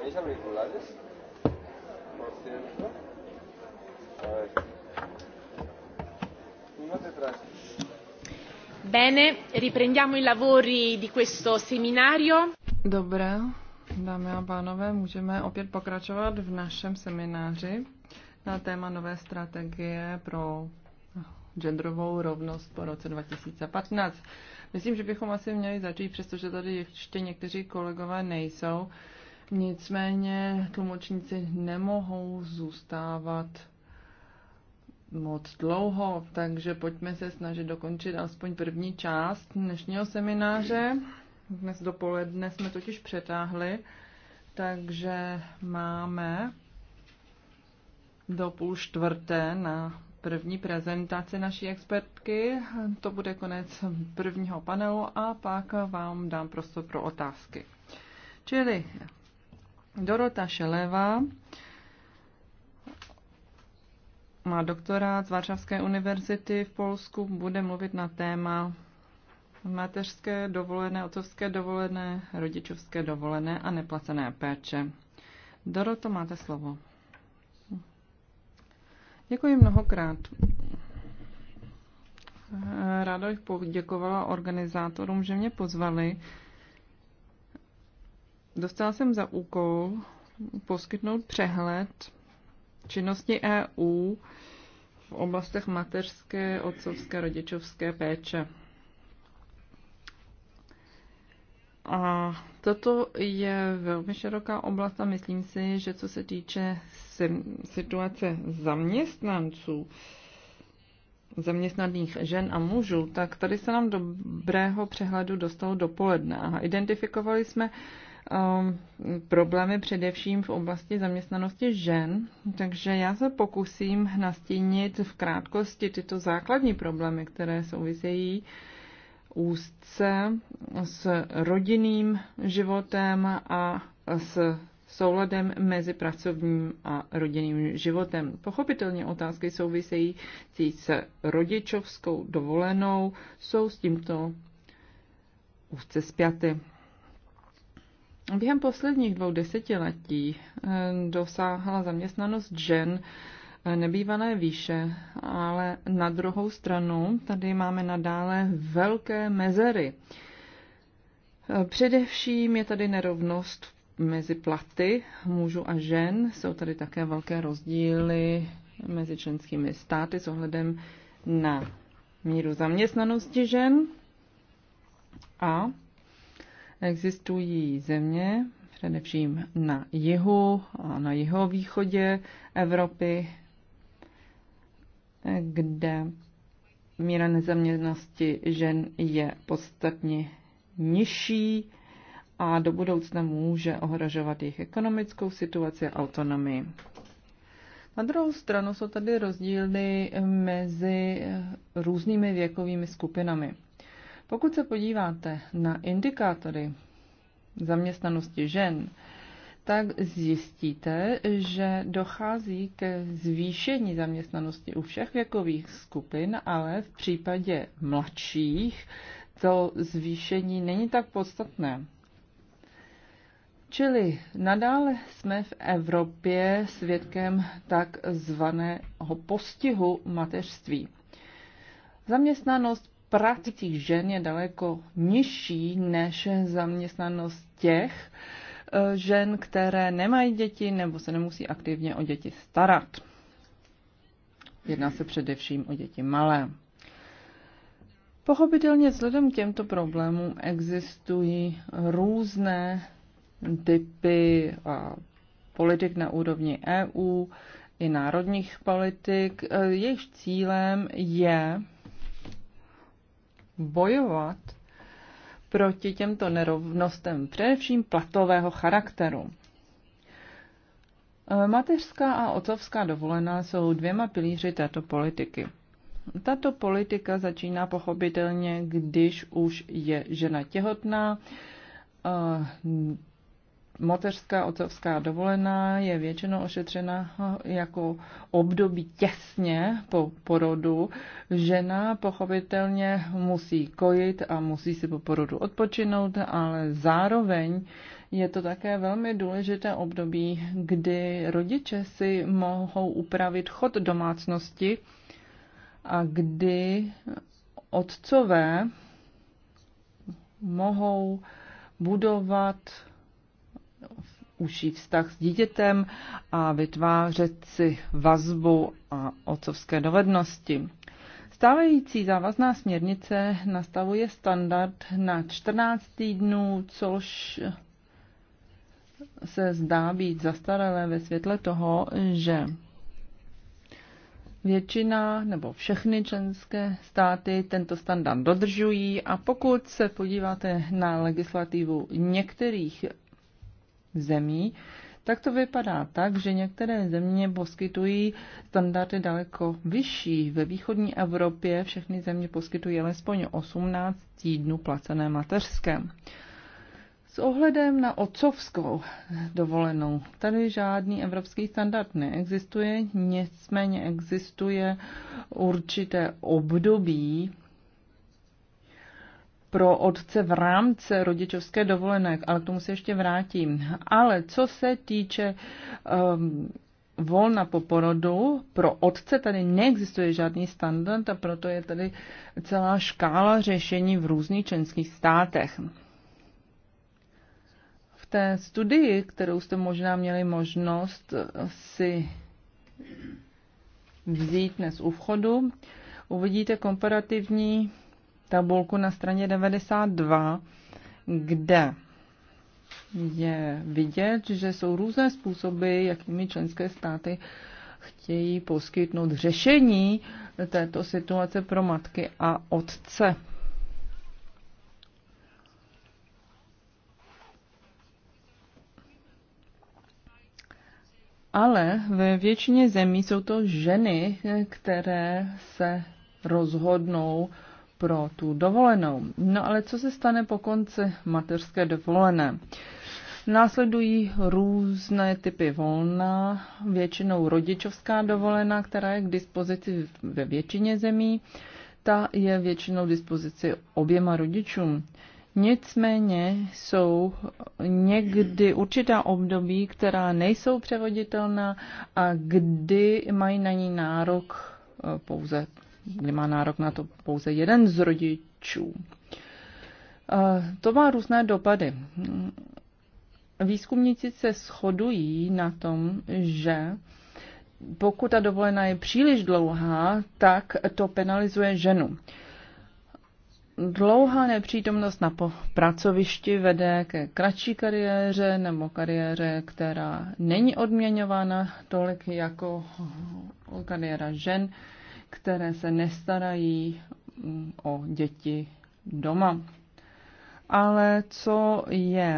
¿Tenéis auriculares? Por cierto. A ver. Uno detrás. Bene, riprendiamo i lavori di questo seminario. Dobré, dámy a pánové, můžeme opět pokračovat v našem semináři na téma nové strategie pro genderovou rovnost po roce 2015. Myslím, že bychom asi měli začít, přestože tady ještě někteří kolegové nejsou, Nicméně tlumočníci nemohou zůstávat moc dlouho, takže pojďme se snažit dokončit alespoň první část dnešního semináře. Dnes dopoledne jsme totiž přetáhli, takže máme do půl čtvrté na první prezentaci naší expertky. To bude konec prvního panelu a pak vám dám prostor pro otázky. Čili Dorota Šeleva má doktorát z Varšavské univerzity v Polsku, bude mluvit na téma mateřské dovolené, otcovské dovolené, rodičovské dovolené a neplacené péče. Doroto, máte slovo. Děkuji mnohokrát. Ráda bych poděkovala organizátorům, že mě pozvali Dostala jsem za úkol poskytnout přehled činnosti EU v oblastech mateřské, otcovské, rodičovské péče. A toto je velmi široká oblast a myslím si, že co se týče situace zaměstnanců, zaměstnaných žen a mužů, tak tady se nám dobrého přehledu dostalo dopoledne a identifikovali jsme Um, problémy především v oblasti zaměstnanosti žen, takže já se pokusím nastínit v krátkosti tyto základní problémy, které souvisejí úzce s rodinným životem a s souladem mezi pracovním a rodinným životem. Pochopitelně otázky související se rodičovskou dovolenou jsou s tímto úzce zpěty. Během posledních dvou desetiletí eh, dosáhla zaměstnanost žen eh, nebývalé výše, ale na druhou stranu tady máme nadále velké mezery. Eh, především je tady nerovnost mezi platy mužů a žen. Jsou tady také velké rozdíly mezi členskými státy s ohledem na míru zaměstnanosti žen. A Existují země, především na jihu a na jihovýchodě Evropy, kde míra nezaměstnanosti žen je podstatně nižší a do budoucna může ohrožovat jejich ekonomickou situaci a autonomii. Na druhou stranu jsou tady rozdíly mezi různými věkovými skupinami. Pokud se podíváte na indikátory zaměstnanosti žen, tak zjistíte, že dochází ke zvýšení zaměstnanosti u všech věkových skupin, ale v případě mladších to zvýšení není tak podstatné. Čili nadále jsme v Evropě svědkem takzvaného postihu mateřství. Zaměstnanost těch žen je daleko nižší než zaměstnanost těch eh, žen, které nemají děti nebo se nemusí aktivně o děti starat. Jedná se především o děti malé. Pochopitelně vzhledem k těmto problémům existují různé typy eh, politik na úrovni EU i národních politik. Eh, jejich cílem je bojovat proti těmto nerovnostem, především platového charakteru. E, mateřská a otcovská dovolená jsou dvěma pilíři této politiky. Tato politika začíná pochopitelně, když už je žena těhotná, e, mateřská otcovská dovolená je většinou ošetřena jako období těsně po porodu. Žena pochopitelně musí kojit a musí si po porodu odpočinout, ale zároveň je to také velmi důležité období, kdy rodiče si mohou upravit chod domácnosti a kdy otcové mohou budovat užší vztah s dítětem a vytvářet si vazbu a otcovské dovednosti. Stávající závazná směrnice nastavuje standard na 14 týdnů, což se zdá být zastaralé ve světle toho, že většina nebo všechny členské státy tento standard dodržují a pokud se podíváte na legislativu některých zemí, tak to vypadá tak, že některé země poskytují standardy daleko vyšší. Ve východní Evropě všechny země poskytují alespoň 18 týdnů placené mateřské. S ohledem na otcovskou dovolenou, tady žádný evropský standard neexistuje, nicméně existuje určité období pro otce v rámci rodičovské dovolené, ale k tomu se ještě vrátím. Ale co se týče um, volna po porodu, pro otce tady neexistuje žádný standard a proto je tady celá škála řešení v různých členských státech. V té studii, kterou jste možná měli možnost si vzít dnes u vchodu, uvidíte komparativní tabulku na straně 92, kde je vidět, že jsou různé způsoby, jakými členské státy chtějí poskytnout řešení této situace pro matky a otce. Ale ve většině zemí jsou to ženy, které se rozhodnou pro tu dovolenou. No ale co se stane po konci mateřské dovolené? Následují různé typy volna, většinou rodičovská dovolená, která je k dispozici ve většině zemí. Ta je většinou k dispozici oběma rodičům. Nicméně jsou někdy určitá období, která nejsou převoditelná a kdy mají na ní nárok eh, pouze kdy má nárok na to pouze jeden z rodičů. To má různé dopady. Výzkumníci se shodují na tom, že pokud ta dovolená je příliš dlouhá, tak to penalizuje ženu. Dlouhá nepřítomnost na pracovišti vede ke kratší kariéře nebo kariéře, která není odměňována tolik jako kariéra žen. Uh, které se nestarají mm, o děti doma. Ale co je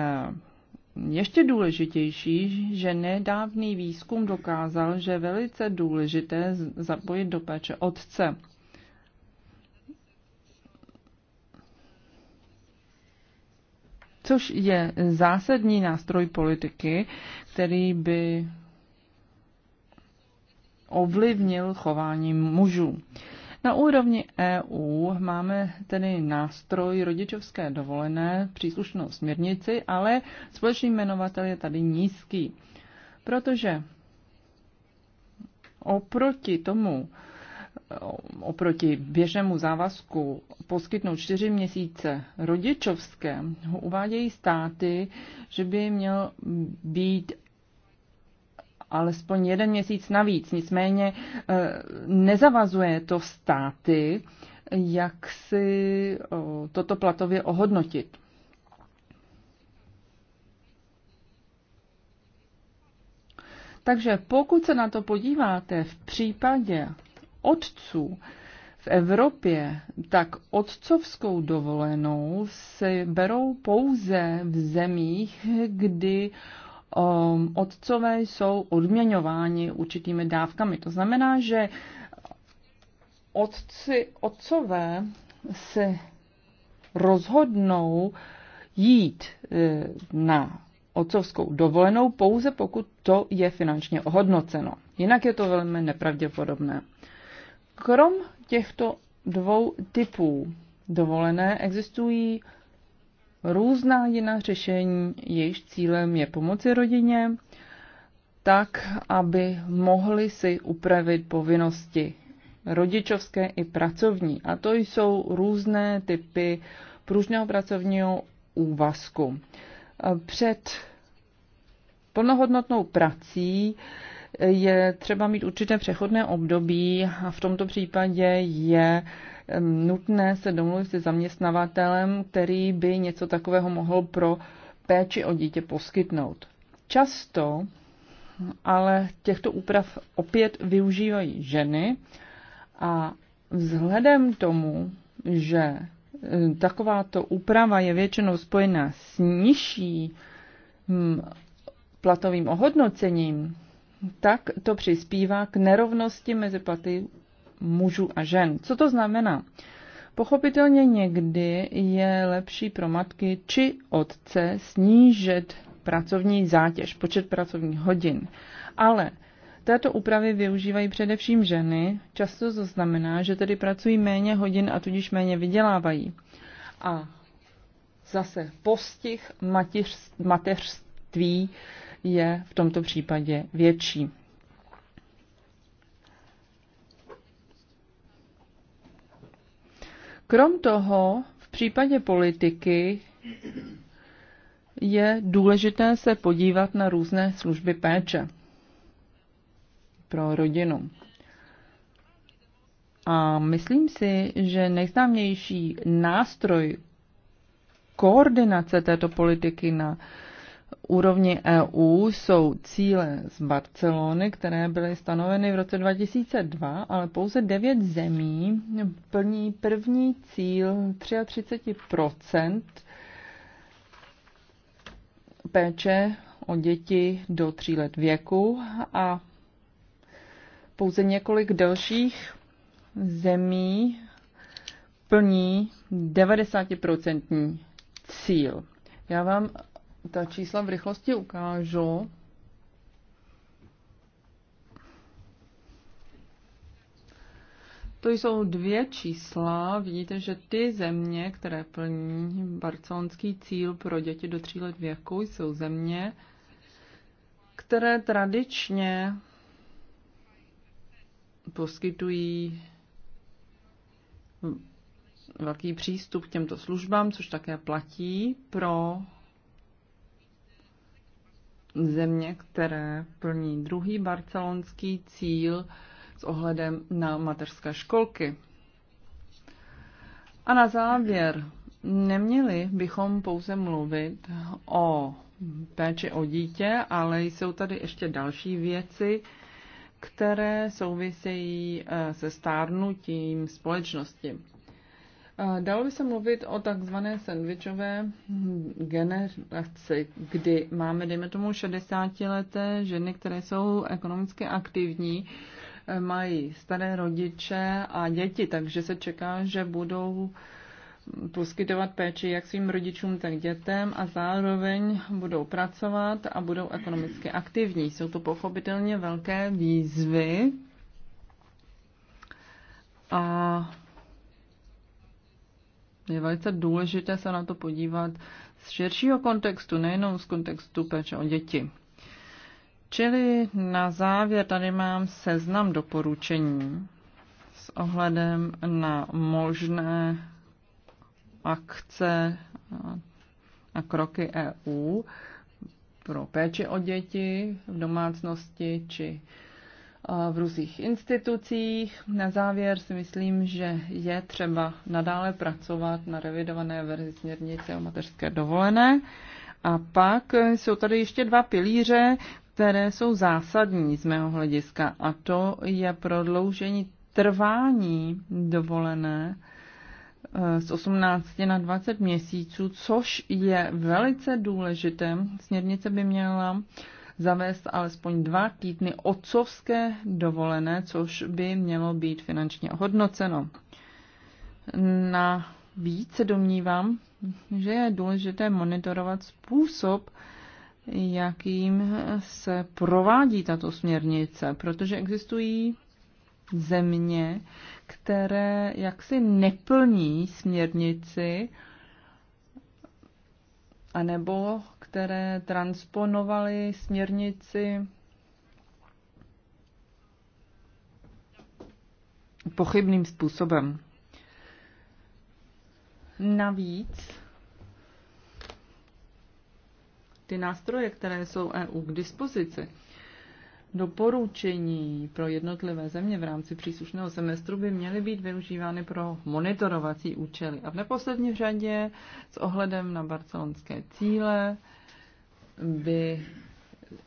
ještě důležitější, že nedávný výzkum dokázal, že je velice důležité zapojit do péče otce. Což je zásadní nástroj politiky, který by ovlivnil chování mužů. Na úrovni EU máme tedy nástroj rodičovské dovolené, příslušnou směrnici, ale společný jmenovatel je tady nízký, protože oproti tomu, oproti běžnému závazku poskytnout čtyři měsíce rodičovské, uvádějí státy, že by měl být alespoň jeden měsíc navíc. Nicméně eh, nezavazuje to státy, jak si toto platově ohodnotit. Takže pokud se na to podíváte v případě otců v Evropě, tak otcovskou dovolenou si berou pouze v zemích, kdy uh, um, otcové jsou odměňováni určitými dávkami. To znamená, že otci, otcové se rozhodnou jít e, na otcovskou dovolenou pouze pokud to je finančně ohodnoceno. Jinak je to velmi nepravděpodobné. Krom těchto dvou typů dovolené existují různá jiná řešení, jejichž cílem je pomoci rodině, tak, aby mohli si upravit povinnosti rodičovské i pracovní. A to jsou různé typy pružného pracovního úvazku. Před plnohodnotnou prací je třeba mít určité přechodné období a v tomto případě je nutné se domluvit se zaměstnavatelem, který by něco takového mohl pro péči o dítě poskytnout. Často ale těchto úprav opět využívají ženy a vzhledem tomu, že eh, takováto úprava je většinou spojena s nižší hm, platovým ohodnocením, tak to přispívá k nerovnosti mezi platy mužů a žen. Co to znamená? Pochopitelně někdy je lepší pro matky či otce snížit pracovní zátěž, počet pracovních hodin. Ale této úpravy využívají především ženy, často to znamená, že tedy pracují méně hodin a tudíž méně vydělávají. A zase postih mateřství je v tomto případě větší. Krom toho, v případě politiky je důležité se podívat na různé služby péče pro rodinu. A myslím si, že nejznámější nástroj koordinace této politiky na úrovni EU jsou cíle z Barcelony, které byly stanoveny v roce 2002, ale pouze 9 zemí plní první cíl 33 péče o děti do 3 let věku a pouze několik dalších zemí plní 90% cíl. Já vám ta čísla v rychlosti ukážu. To jsou dvě čísla. Vidíte, že ty země, které plní barcelonský cíl pro děti do tří let věku, jsou země, které tradičně poskytují velký přístup k těmto službám, což také platí pro země, které plní druhý barcelonský cíl s ohledem na mateřské školky. A na závěr, neměli bychom pouze mluvit o péči o dítě, ale jsou tady ještě další věci, které souvisejí eh, se stárnutím společnosti. Dalo by se mluvit o takzvané sandvičové generaci, kdy máme, dejme tomu, 60-leté ženy, které jsou ekonomicky aktivní, e, mají staré rodiče a děti, takže se čeká, že budou poskytovat péči jak svým rodičům, tak dětem a zároveň budou pracovat a budou ekonomicky aktivní. Jsou to pochopitelně velké výzvy a Vlastně je velice důležité se na to podívat z širšího kontextu, nejenom z kontextu péče o děti. Čili na závěr tady mám seznam doporučení s ohledem na možné akce a kroky EU pro péči o děti v domácnosti či v různých institucích. Na závěr si myslím, že je třeba nadále pracovat na revidované verzi směrnice o mateřské dovolené. A pak jsou tady ještě dva pilíře, které jsou zásadní z mého hlediska, a to je prodloužení trvání dovolené e, z 18 na 20 měsíců, což je velice důležité. Směrnice by měla zavést alespoň dva týdny otcovské dovolené, což by mělo být finančně hodnoceno. Na víc domnívám, že je důležité monitorovat způsob, jakým se provádí tato směrnice, protože existují země, které jaksi neplní směrnici, anebo které transponovaly směrnici pochybným způsobem. Navíc ty nástroje, které jsou EU k dispozici, doporučení pro jednotlivé země v rámci příslušného semestru by měly být využívány pro monitorovací účely. A v neposlední řadě s ohledem na barcelonské cíle by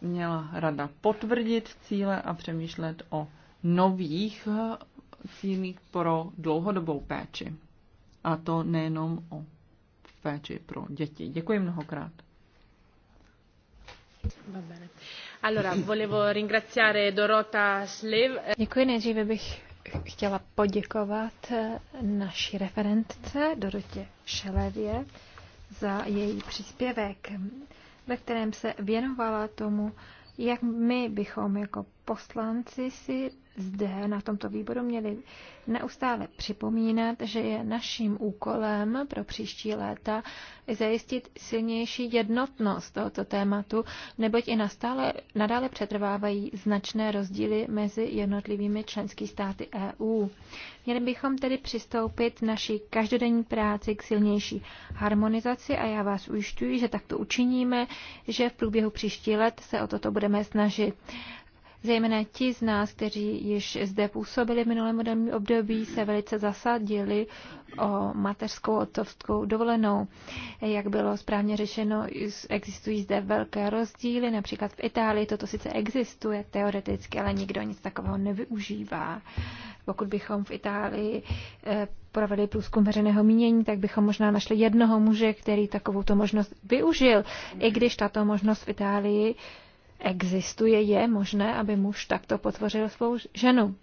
měla rada potvrdit cíle a přemýšlet o nových cílích pro dlouhodobou péči. A to nejenom o péči pro děti. Děkuji mnohokrát. Děkuji, nejdříve bych chtěla poděkovat naší referentce Dorotě Šelevě za její příspěvek ve kterém se věnovala tomu, jak my bychom jako poslanci si zde na tomto výboru měli neustále připomínat, že je naším úkolem pro příští léta zajistit silnější jednotnost tohoto tématu, neboť i nastále, nadále přetrvávají značné rozdíly mezi jednotlivými členskými státy EU. Měli bychom tedy přistoupit naší každodenní práci k silnější harmonizaci a já vás ujišťuji, že takto učiníme, že v průběhu příští let se o toto budeme snažit. Zejména ti z nás, kteří již zde působili v minulém moderném období, se velice zasadili o mateřskou otcovskou dovolenou. Jak bylo správně řešeno, existují zde velké rozdíly. Například v Itálii toto sice existuje teoreticky, ale nikdo nic takového nevyužívá. Pokud bychom v Itálii eh, provedli průzkum veřejného mínění, tak bychom možná našli jednoho muže, který takovouto možnost využil, i když tato možnost v Itálii existuje, je možné, aby muž takto potvořil svou ženu.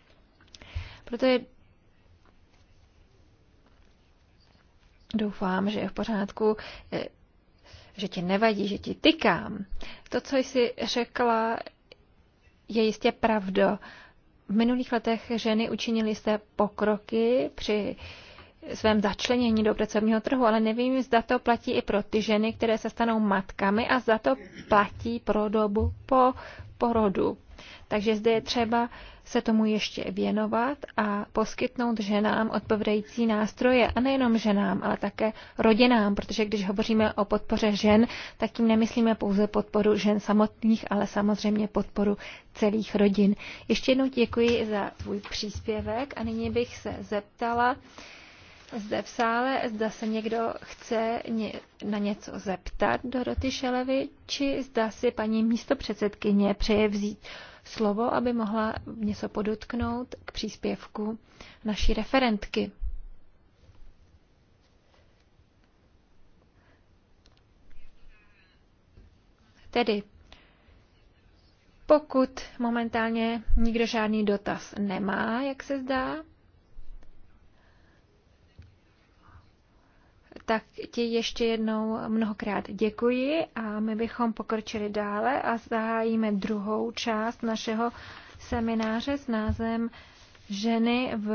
Proto je doufám, že je v pořádku, eh, že ti nevadí, že ti tykám. To, co jsi řekla, je jistě pravda. V minulých letech ženy učinily jste pokroky při uh, svém začlenění do pracovního trhu, ale nevím, zda to platí i pro ty ženy, které se stanou matkami a zda to platí pro dobu po porodu. Takže zde je třeba se tomu ještě věnovat a poskytnout ženám odpovědající nástroje. A nejenom ženám, ale také rodinám, protože když hovoříme o podpoře žen, tak tím nemyslíme pouze podporu žen samotných, ale samozřejmě podporu celých rodin. Ještě jednou děkuji za tvůj příspěvek a nyní bych se zeptala, zde v sále, zda se někdo chce na něco zeptat Doroty Šelevy, či zda si paní místopředsedkyně přeje vzít slovo, aby mohla něco podotknout k příspěvku naší referentky. Tedy, pokud momentálně nikdo žádný dotaz nemá, jak se zdá, tak ti ještě jednou mnohokrát děkuji a my bychom pokročili dále a zahájíme druhou část našeho semináře s názvem Ženy v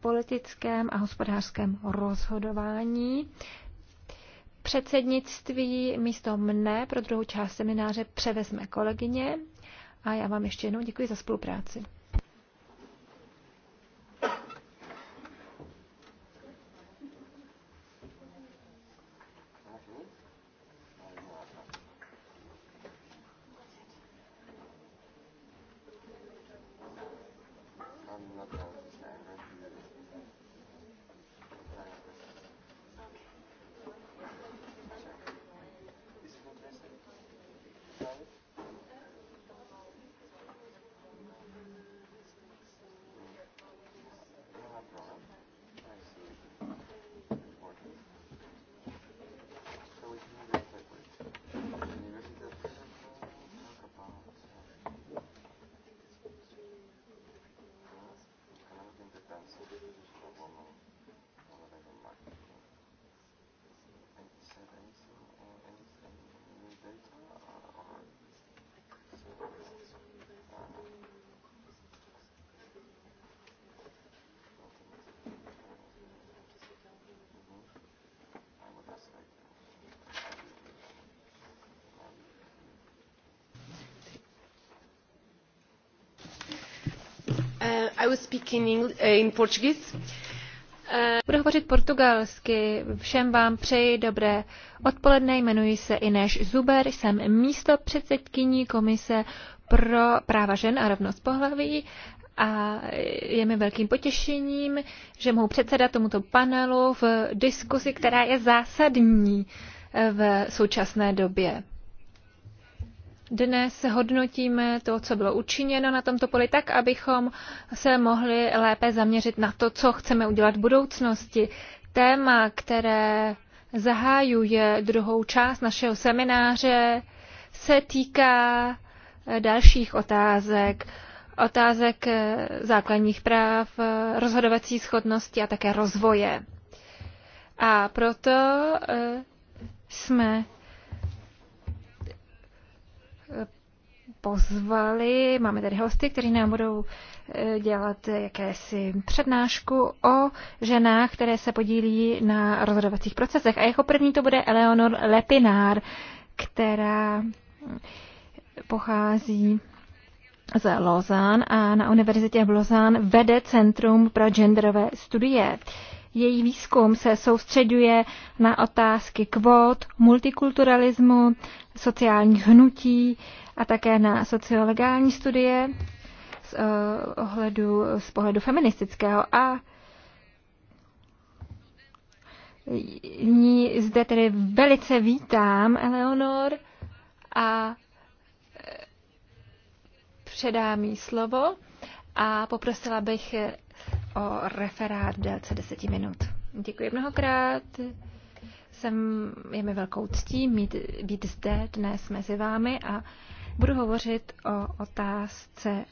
politickém a hospodářském rozhodování. Předsednictví místo mne pro druhou část semináře převezme kolegyně a já vám ještě jednou děkuji za spolupráci. Eh, eh, Budu hovořit portugalsky. Všem vám přeji dobré odpoledne. Jmenuji se Ineš Zuber, jsem místo předsedkyní Komise pro práva žen a rovnost pohlaví a je mi velkým potěšením, že mohu předsedat tomuto panelu v diskusi, která je zásadní v současné době. Dnes hodnotíme to, co bylo učiněno na tomto poli, tak, abychom se mohli lépe zaměřit na to, co chceme udělat v budoucnosti. Téma, které zahájuje druhou část našeho semináře, se týká eh, dalších otázek. Otázek eh, základních práv, eh, rozhodovací schodnosti a také rozvoje. A proto jsme pozvali, máme tady hosty, kteří nám budou eh, dělat jakési přednášku o ženách, které se podílí na rozhodovacích procesech. A jako první to bude Eleonor Lepinár, která mm, pochází z Lozán a na univerzitě v Lozán vede Centrum pro genderové studie. Její výzkum se soustředuje na otázky kvót, multikulturalismu, sociálních hnutí a také na sociolegální studie z eh, ohledu, z pohledu feministického a ní zde tedy velice vítám Eleonor a eh, předám jí slovo a poprosila bych o referát v délce deseti minut. Děkuji mnohokrát. Jsem, je mi velkou ctí mít, být zde dnes mezi vámi a Budu hovořit o otázce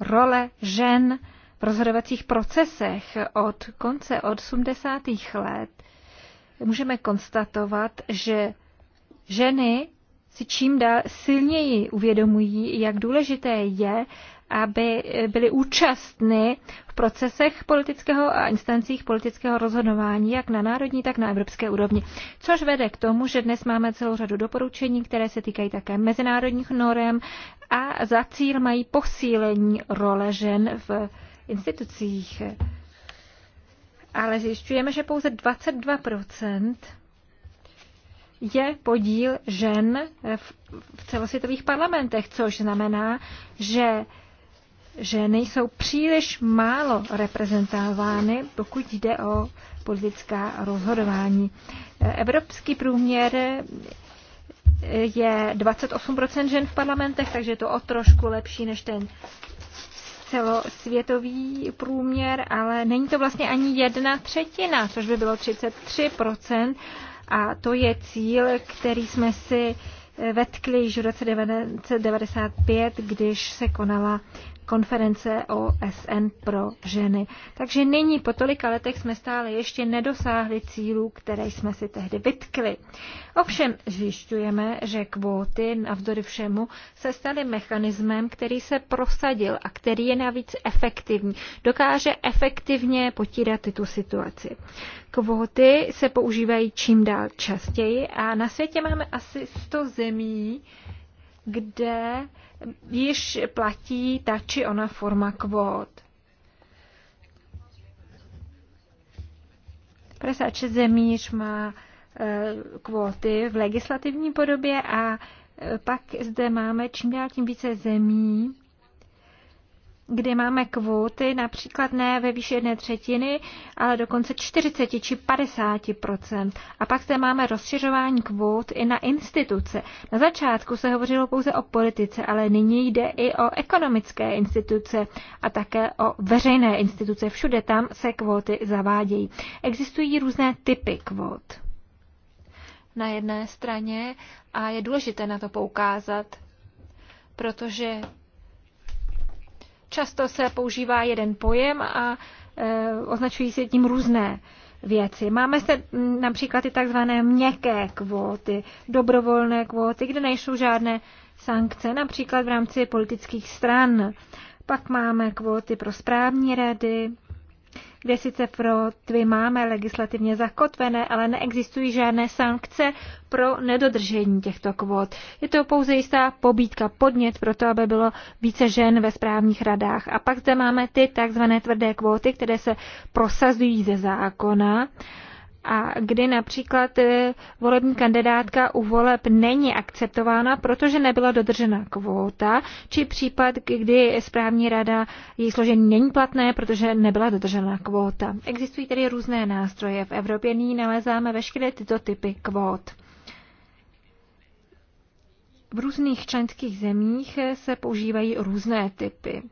role žen v rozhodovacích procesech od konce 80. let. Můžeme konstatovat, že ženy si čím dál silněji uvědomují, jak důležité je, aby eh, byly účastny v procesech politického a instancích politického rozhodování, jak na národní, tak na evropské úrovni. Což vede k tomu, že dnes máme celou řadu doporučení, které se týkají také mezinárodních norem a za cíl mají posílení role žen v institucích. Ale zjišťujeme, že pouze 22 je podíl žen v, celosvětových parlamentech, což znamená, že že nejsou příliš málo reprezentovány, pokud jde o politická rozhodování. Evropský průměr je 28% žen v parlamentech, takže je to o trošku lepší než ten celosvětový průměr, ale není to vlastně ani jedna třetina, což by bylo 33%. A to je cíl, který jsme si vetkli již v roce 1995, když se konala konference OSN pro ženy. Takže nyní po tolika letech jsme stále ještě nedosáhli cílů, které jsme si tehdy vytkli. Ovšem zjišťujeme, že kvóty navzdory všemu se staly mechanismem, který se prosadil a který je navíc efektivní. Dokáže efektivně potírat tu situaci. Kvóty se používají čím dál častěji a na světě máme asi 100 zemí, kde již platí ta či ona forma kvót. 56 zemí již má eh, kvóty v legislativní podobě a eh, pak zde máme čím dál tím více zemí, kdy máme kvóty například ne ve výši jedné třetiny, ale dokonce 40 či 50 A pak zde máme rozšiřování kvót i na instituce. Na začátku se hovořilo pouze o politice, ale nyní jde i o ekonomické instituce a také o veřejné instituce. Všude tam se kvóty zavádějí. Existují různé typy kvót. Na jedné straně a je důležité na to poukázat, protože Často se používá jeden pojem a e, označují se tím různé věci. Máme se například i takzvané měkké kvóty, dobrovolné kvóty, kde nejsou žádné sankce, například v rámci politických stran. Pak máme kvóty pro správní rady, kde sice pro tvy máme legislativně zakotvené, ale neexistují žádné sankce pro nedodržení těchto kvót. Je to pouze jistá pobídka, podnět pro to, aby bylo více žen ve správních radách. A pak zde máme ty takzvané tvrdé kvóty, které se prosazují ze zákona a kdy například eh, volební kandidátka u voleb není akceptována, protože nebyla dodržena kvóta, či případ, kdy správní rada její složení není platné, protože nebyla dodržena kvóta. Existují tedy různé nástroje. V Evropě nyní nalezáme veškeré tyto typy kvót. V různých členských zemích eh, se používají různé typy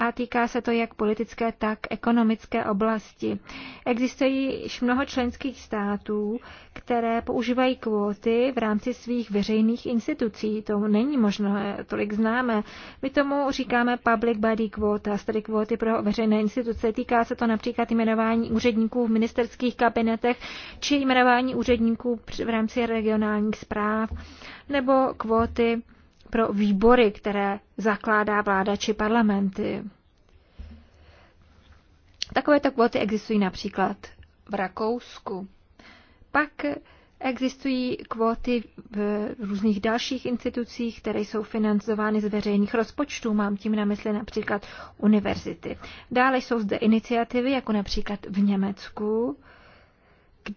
a týká se to jak politické, tak ekonomické oblasti. Existuje již mnoho členských států, které používají kvóty v rámci svých veřejných institucí. To není možno, tolik známe. My tomu říkáme public body kvóta, tedy kvóty pro veřejné instituce. Týká se to například jmenování úředníků v ministerských kabinetech či jmenování úředníků v rámci regionálních zpráv nebo kvóty pro výbory, které zakládá vláda či parlamenty. Takovéto kvóty existují například v Rakousku. Pak existují kvóty v různých dalších institucích, které jsou financovány z veřejných rozpočtů, mám tím na mysli například univerzity. Dále jsou zde iniciativy, jako například v Německu,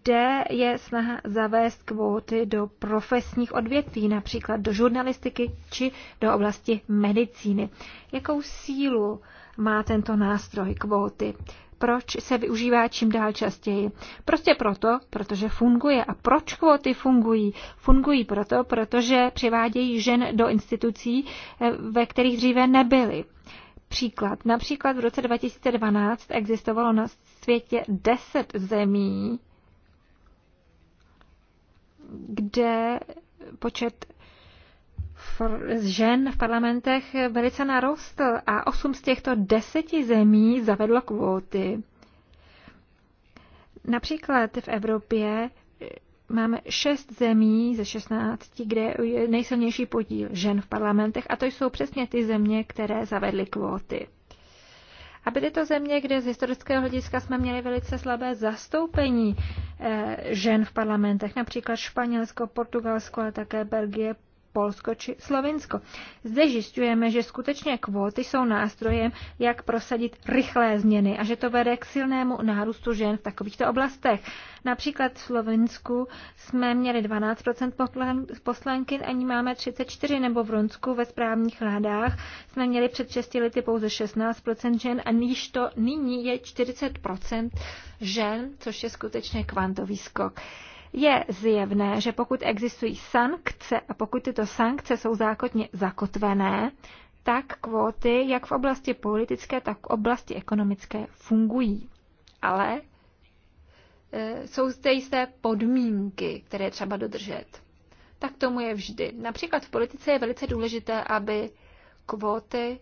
kde je snaha zavést kvóty do profesních odvětví, například do žurnalistiky či do oblasti medicíny. Jakou sílu má tento nástroj kvóty? Proč se využívá čím dál častěji? Prostě proto, protože funguje. A proč kvóty fungují? Fungují proto, protože přivádějí žen do institucí, eh, ve kterých dříve nebyly. Příklad. Například v roce 2012 existovalo na světě 10 zemí, kde počet žen v parlamentech velice narostl a osm z těchto deseti zemí zavedlo kvóty. Například v Evropě eh, máme šest zemí ze 16, kde je nejsilnější podíl žen v parlamentech a to jsou přesně ty země, které zavedly kvóty aby tyto to země, kde z historického hlediska jsme měli velice slabé zastoupení eh, žen v parlamentech, například Španělsko, Portugalsko, ale také Belgie, Polsko či Slovinsko. Zde zjišťujeme, že skutečně kvóty jsou nástrojem, jak prosadit rychlé změny a že to vede k silnému nárůstu žen v takovýchto oblastech. Například v Slovinsku jsme měli 12 poslanky, ani máme 34, nebo v Ronsku ve správních rádách jsme měli před 6 lety pouze 16 žen a níž to nyní je 40 žen, což je skutečně kvantový skok je zjevné, že pokud existují sankce a pokud tyto sankce jsou zákotně zakotvené, tak kvóty jak v oblasti politické, tak v oblasti ekonomické fungují. Ale e, jsou zde jisté podmínky, které třeba dodržet. Tak tomu je vždy. Například v politice je velice důležité, aby kvóty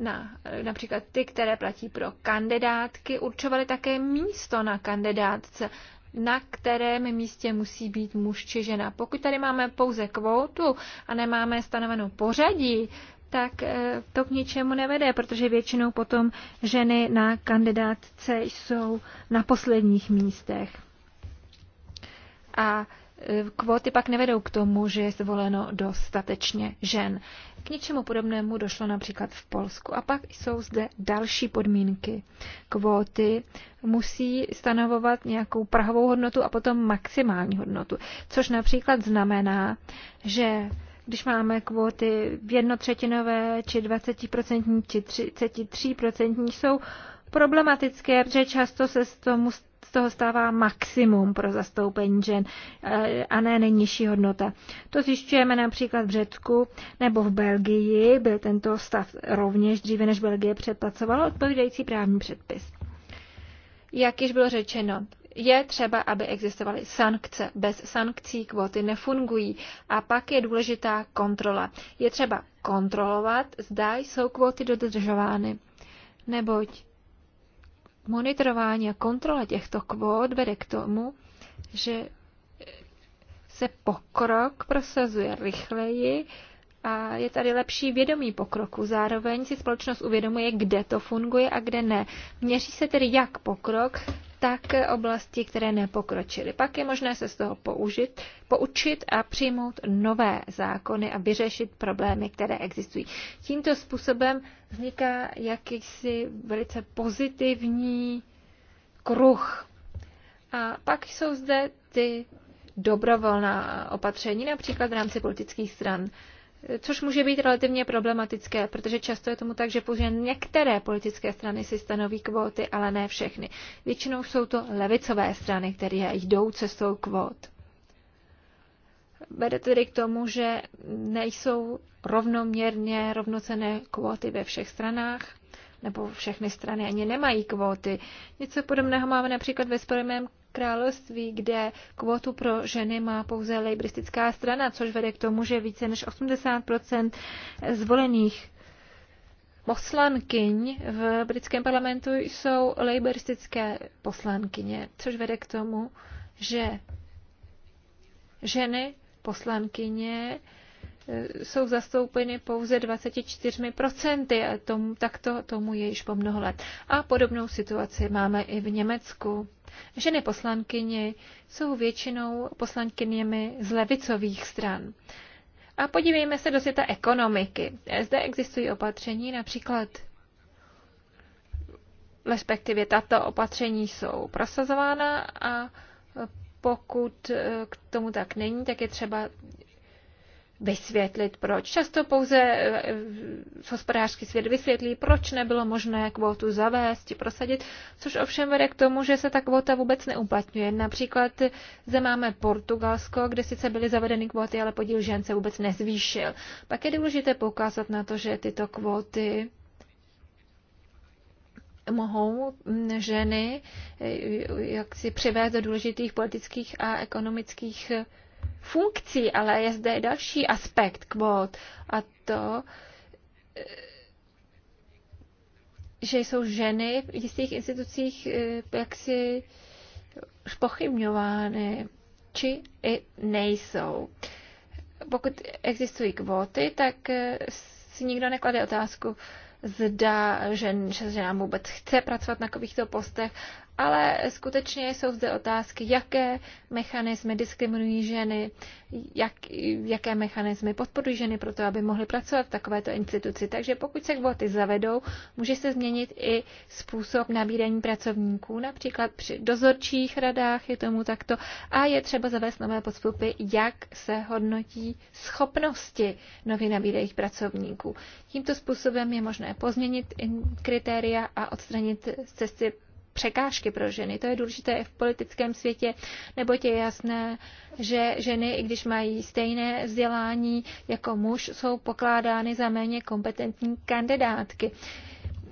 na, například ty, které platí pro kandidátky, určovaly také místo na kandidátce, na kterém místě musí být muž či žena. Pokud tady máme pouze kvótu a nemáme stanovenou pořadí, tak eh, to k ničemu nevede, protože většinou potom ženy na kandidátce jsou na posledních místech. A Eh, kvóty pak nevedou k tomu, že je zvoleno dostatečně žen. K něčemu podobnému došlo například v Polsku. A pak jsou zde další podmínky. Kvóty musí stanovovat nějakou prahovou hodnotu a potom maximální hodnotu, což například znamená, že když máme kvóty jednotřetinové, či 20%, či 33%, jsou problematické, protože často se z tomu z toho stává maximum pro zastoupení žen eh, a ne nejnižší hodnota. To zjišťujeme například v Řecku nebo v Belgii. Byl tento stav rovněž dříve, než Belgie předplacovala odpovídající právní předpis. Jak již bylo řečeno, je třeba, aby existovaly sankce. Bez sankcí kvóty nefungují. A pak je důležitá kontrola. Je třeba kontrolovat, zda jsou kvóty dodržovány. Neboť monitorování a kontrola těchto kvót vede k tomu, že se pokrok prosazuje rychleji a je tady lepší vědomí pokroku. Zároveň si společnost uvědomuje, kde to funguje a kde ne. Měří se tedy jak pokrok, tak oblasti, které nepokročily. Pak je možné se z toho použit, poučit a přijmout nové zákony a vyřešit problémy, které existují. Tímto způsobem vzniká jakýsi velice pozitivní kruh. A pak jsou zde ty dobrovolná opatření, například v rámci politických stran což může být relativně problematické, protože často je tomu tak, že pouze některé politické strany si stanoví kvóty, ale ne všechny. Většinou jsou to levicové strany, které jdou cestou kvót. Vede tedy k tomu, že nejsou rovnoměrně rovnocené kvóty ve všech stranách, nebo všechny strany ani nemají kvóty. Něco podobného máme například ve Spojeném království, kde kvotu pro ženy má pouze lejbristická strana, což vede k tomu, že více než 80 zvolených poslankyň v britském parlamentu jsou laboristické poslankyně, což vede k tomu, že ženy poslankyně e, jsou zastoupeny pouze 24%, a tomu, to, tomu je již po mnoho let. A podobnou situaci máme i v Německu. Ženy poslankyně jsou většinou poslankyněmi z levicových stran. A podívejme se do světa ekonomiky. Zde existují opatření, například respektive tato opatření jsou prosazována a pokud k tomu tak není, tak je třeba vysvětlit, proč. Často pouze eh, v hospodářský svět vysvětlí, proč nebylo možné kvotu zavést, prosadit, což ovšem vede k tomu, že se ta kvota vůbec neuplatňuje. Například zde máme Portugalsko, kde sice byly zavedeny kvóty, ale podíl žen se vůbec nezvýšil. Pak je důležité poukázat na to, že tyto kvóty mohou ženy eh, jak si přivést do důležitých politických a ekonomických funkcí, ale je zde další aspekt kvót a to, že jsou ženy v jistých institucích eh, jaksi pochybňovány, či i nejsou. Pokud existují kvóty, tak eh, si nikdo neklade otázku, zda žen, že žena vůbec chce pracovat na takovýchto postech ale skutečně jsou zde otázky, jaké mechanismy diskriminují ženy, jak, jaké mechanismy podporují ženy pro to, aby mohly pracovat v takovéto instituci. Takže pokud se kvóty zavedou, může se změnit i způsob nabírání pracovníků, například při dozorčích radách je tomu takto a je třeba zavést nové postupy, jak se hodnotí schopnosti nově nabírajících pracovníků. Tímto způsobem je možné pozměnit kritéria a odstranit cesty překážky pro ženy. To je důležité i v politickém světě, nebo je jasné, že ženy, i když mají stejné vzdělání jako muž, jsou pokládány za méně kompetentní kandidátky.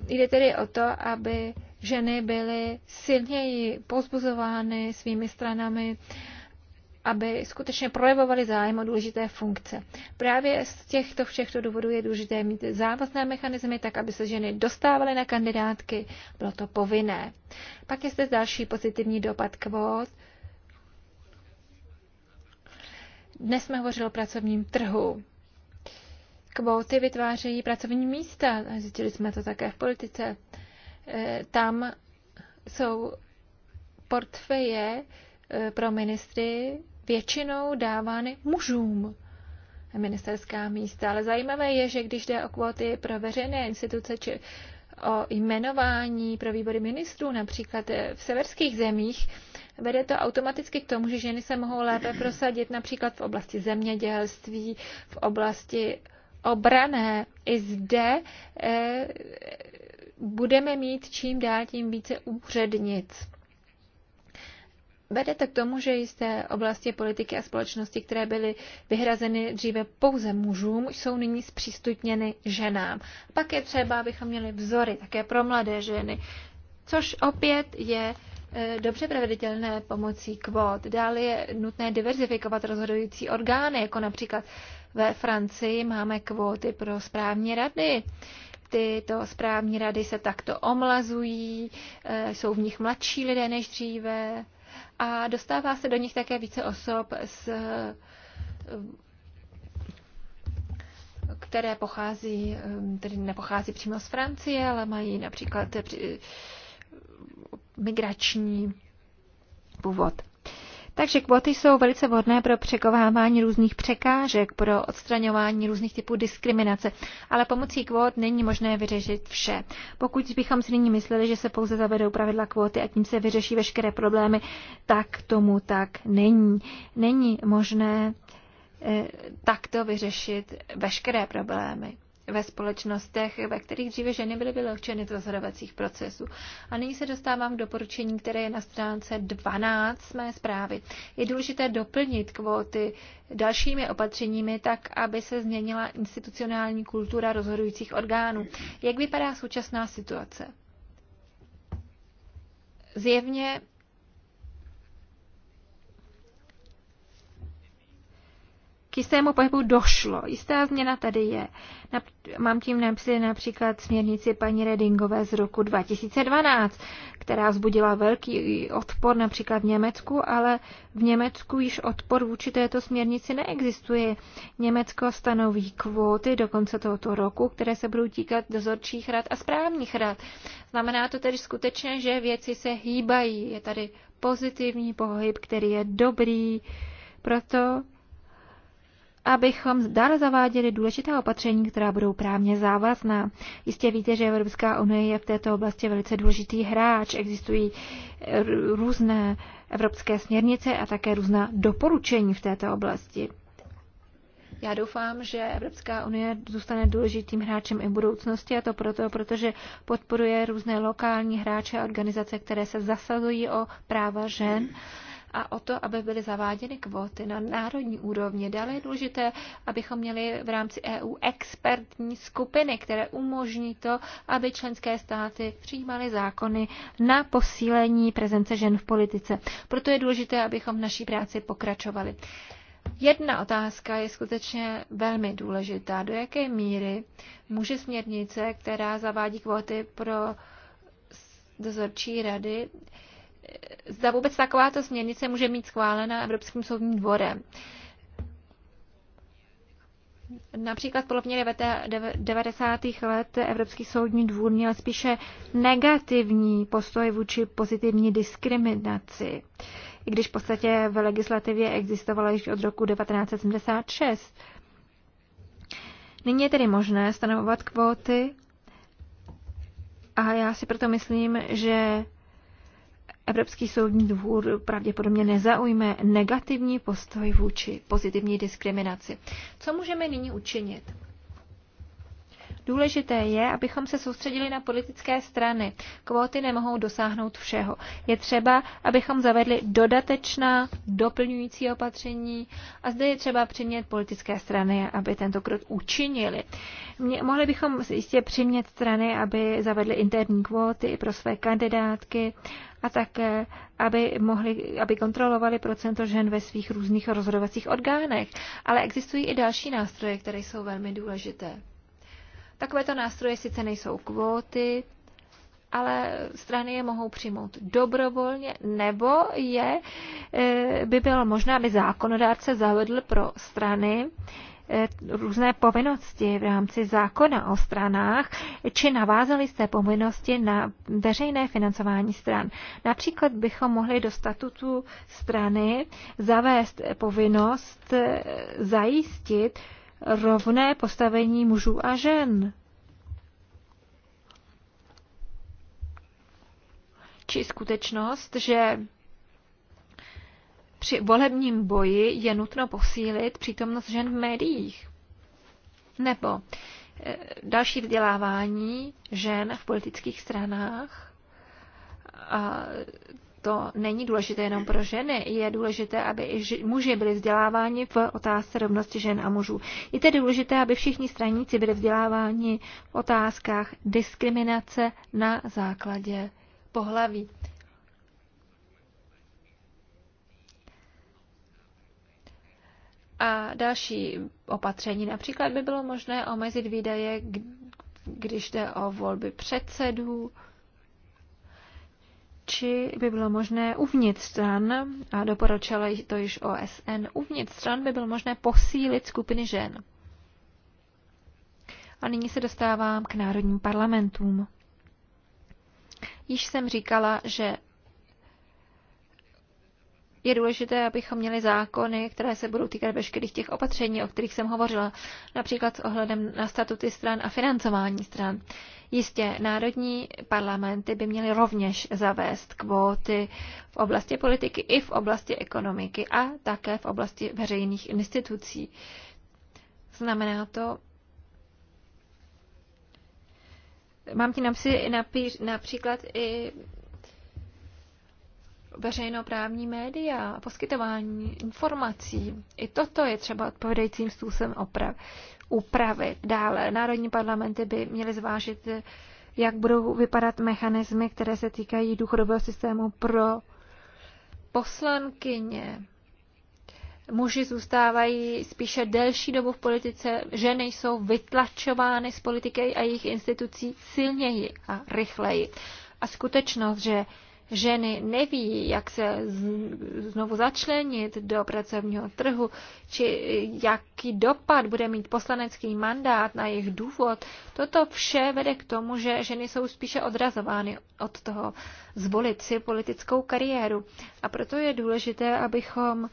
Jde tedy o to, aby ženy byly silněji pozbuzovány svými stranami, uh, aby skutečně projevovali zájem o důležité funkce. Právě z těchto všechto důvodů je důležité mít závazné mechanizmy, tak aby se ženy dostávaly na kandidátky, bylo to povinné. Pak je zde další pozitivní dopad kvót. Dnes jsme hovořili o pracovním trhu. Kvóty vytvářejí pracovní místa, zjistili jsme to také v politice. Eh, tam jsou portfeje eh, pro ministry většinou dávány mužům ministerská místa. Ale zajímavé je, že když jde o kvóty pro veřejné instituce či o jmenování pro výbory ministrů, například eh, v severských zemích, vede to automaticky k tomu, že ženy se mohou lépe prosadit například v oblasti zemědělství, v oblasti obrané. I zde e, budeme mít čím dál tím více úřednic. Vede to k tomu, že jisté oblasti politiky a společnosti, které byly vyhrazeny dříve pouze mužům, jsou nyní zpřístupněny ženám. Pak je třeba, abychom měli vzory také pro mladé ženy, což opět je e, dobře proveditelné pomocí kvót. Dále je nutné diverzifikovat rozhodující orgány, jako například ve Francii máme kvóty pro správní rady. Tyto správní rady se takto omlazují, e, jsou v nich mladší lidé než dříve, a dostává se do nich také více osob, s, které pochází, tedy nepochází přímo z Francie, ale mají například migrační původ. Takže kvoty jsou velice vhodné pro překovávání různých překážek, pro odstraňování různých typů diskriminace, ale pomocí kvót není možné vyřešit vše. Pokud bychom si nyní mysleli, že se pouze zavedou pravidla kvóty a tím se vyřeší veškeré problémy, tak tomu tak není. Není možné eh, takto vyřešit veškeré problémy ve společnostech, ve kterých dříve ženy byly vyloučeny z rozhodovacích procesů. A nyní se dostávám k doporučení, které je na stránce 12 mé zprávy. Je důležité doplnit kvóty dalšími opatřeními tak, aby se změnila institucionální kultura rozhodujících orgánů. Jak vypadá současná situace? Zjevně k jistému pohybu došlo. Jistá změna tady je. Mám tím napsat například směrnici paní Redingové z roku 2012, která vzbudila velký odpor například v Německu, ale v Německu již odpor vůči této směrnici neexistuje. Německo stanoví kvóty do konce tohoto roku, které se budou týkat dozorčích rad a správních rad. Znamená to tedy skutečně, že věci se hýbají. Je tady pozitivní pohyb, který je dobrý. Proto abychom dále zaváděli důležitá opatření, která budou právně závazná. Jistě víte, že Evropská unie je v této oblasti velice důležitý hráč. Existují různé evropské směrnice a také různá doporučení v této oblasti. Já doufám, že Evropská unie zůstane důležitým hráčem i v budoucnosti a to proto, protože podporuje různé lokální hráče a organizace, které se zasazují o práva žen. Hmm a o to, aby byly zaváděny kvóty na národní úrovni. Dále je důležité, abychom měli v rámci EU expertní skupiny, které umožní to, aby členské státy přijímaly zákony na posílení prezence žen v politice. Proto je důležité, abychom v naší práci pokračovali. Jedna otázka je skutečně velmi důležitá. Do jaké míry může směrnice, která zavádí kvóty pro dozorčí rady, zda vůbec takováto směrnice může mít schválena Evropským soudním dvorem. Například v polovině 90. let Evropský soudní dvůr měl spíše negativní postoj vůči pozitivní diskriminaci, i když v podstatě v legislativě existovala již od roku 1976. Nyní je tedy možné stanovovat kvóty a já si proto myslím, že Evropský soudní dvůr pravděpodobně nezaujme negativní postoj vůči pozitivní diskriminaci. Co můžeme nyní učinit? Důležité je, abychom se soustředili na politické strany. Kvóty nemohou dosáhnout všeho. Je třeba, abychom zavedli dodatečná doplňující opatření a zde je třeba přimět politické strany, aby tento krok učinili. Mě, mohli bychom jistě přimět strany, aby zavedly interní kvóty i pro své kandidátky a také, aby, mohli, aby kontrolovali procento žen ve svých různých rozhodovacích orgánech. Ale existují i další nástroje, které jsou velmi důležité. Takovéto nástroje sice nejsou kvóty, ale strany je mohou přijmout dobrovolně, nebo je, eh, by bylo možné, aby zákonodárce zavedl pro strany eh, různé povinnosti v rámci zákona o stranách, či navázali jste povinnosti na veřejné financování stran. Například bychom mohli do statutu strany zavést povinnost eh, zajistit, rovné postavení mužů a žen. Či skutečnost, že při volebním boji je nutno posílit přítomnost žen v médiích. Nebo eh, další vzdělávání žen v politických stranách a to není důležité jenom pro ženy, je důležité, aby i muži byli vzděláváni v otázce rovnosti žen a mužů. Je tedy důležité, aby všichni straníci byli vzděláváni v otázkách diskriminace na základě pohlaví. A další opatření například by bylo možné omezit výdaje, když jde o volby předsedů, či by bylo možné uvnitř stran, a doporučila to již OSN, uvnitř stran by bylo možné posílit skupiny žen. A nyní se dostávám k národním parlamentům. Již jsem říkala, že je důležité, abychom měli zákony, které se budou týkat veškerých těch opatření, o kterých jsem hovořila, například s ohledem na statuty stran a financování stran. Jistě, národní parlamenty by měly rovněž zavést kvóty v oblasti politiky i v oblasti ekonomiky a také v oblasti veřejných institucí. Znamená to, mám ti například i veřejnoprávní média a poskytování informací. I toto je třeba odpovědajícím způsobem oprav, upravit. Dále národní parlamenty by měly zvážit, jak budou vypadat mechanismy, které se týkají důchodového systému pro poslankyně. Muži zůstávají spíše delší dobu v politice, ženy jsou vytlačovány z politiky a jejich institucí silněji a rychleji. A skutečnost, že ženy neví, jak se znovu začlenit do pracovního trhu, či jaký dopad bude mít poslanecký mandát na jejich důvod, toto vše vede k tomu, že ženy jsou spíše odrazovány od toho zvolit si politickou kariéru. A proto je důležité, abychom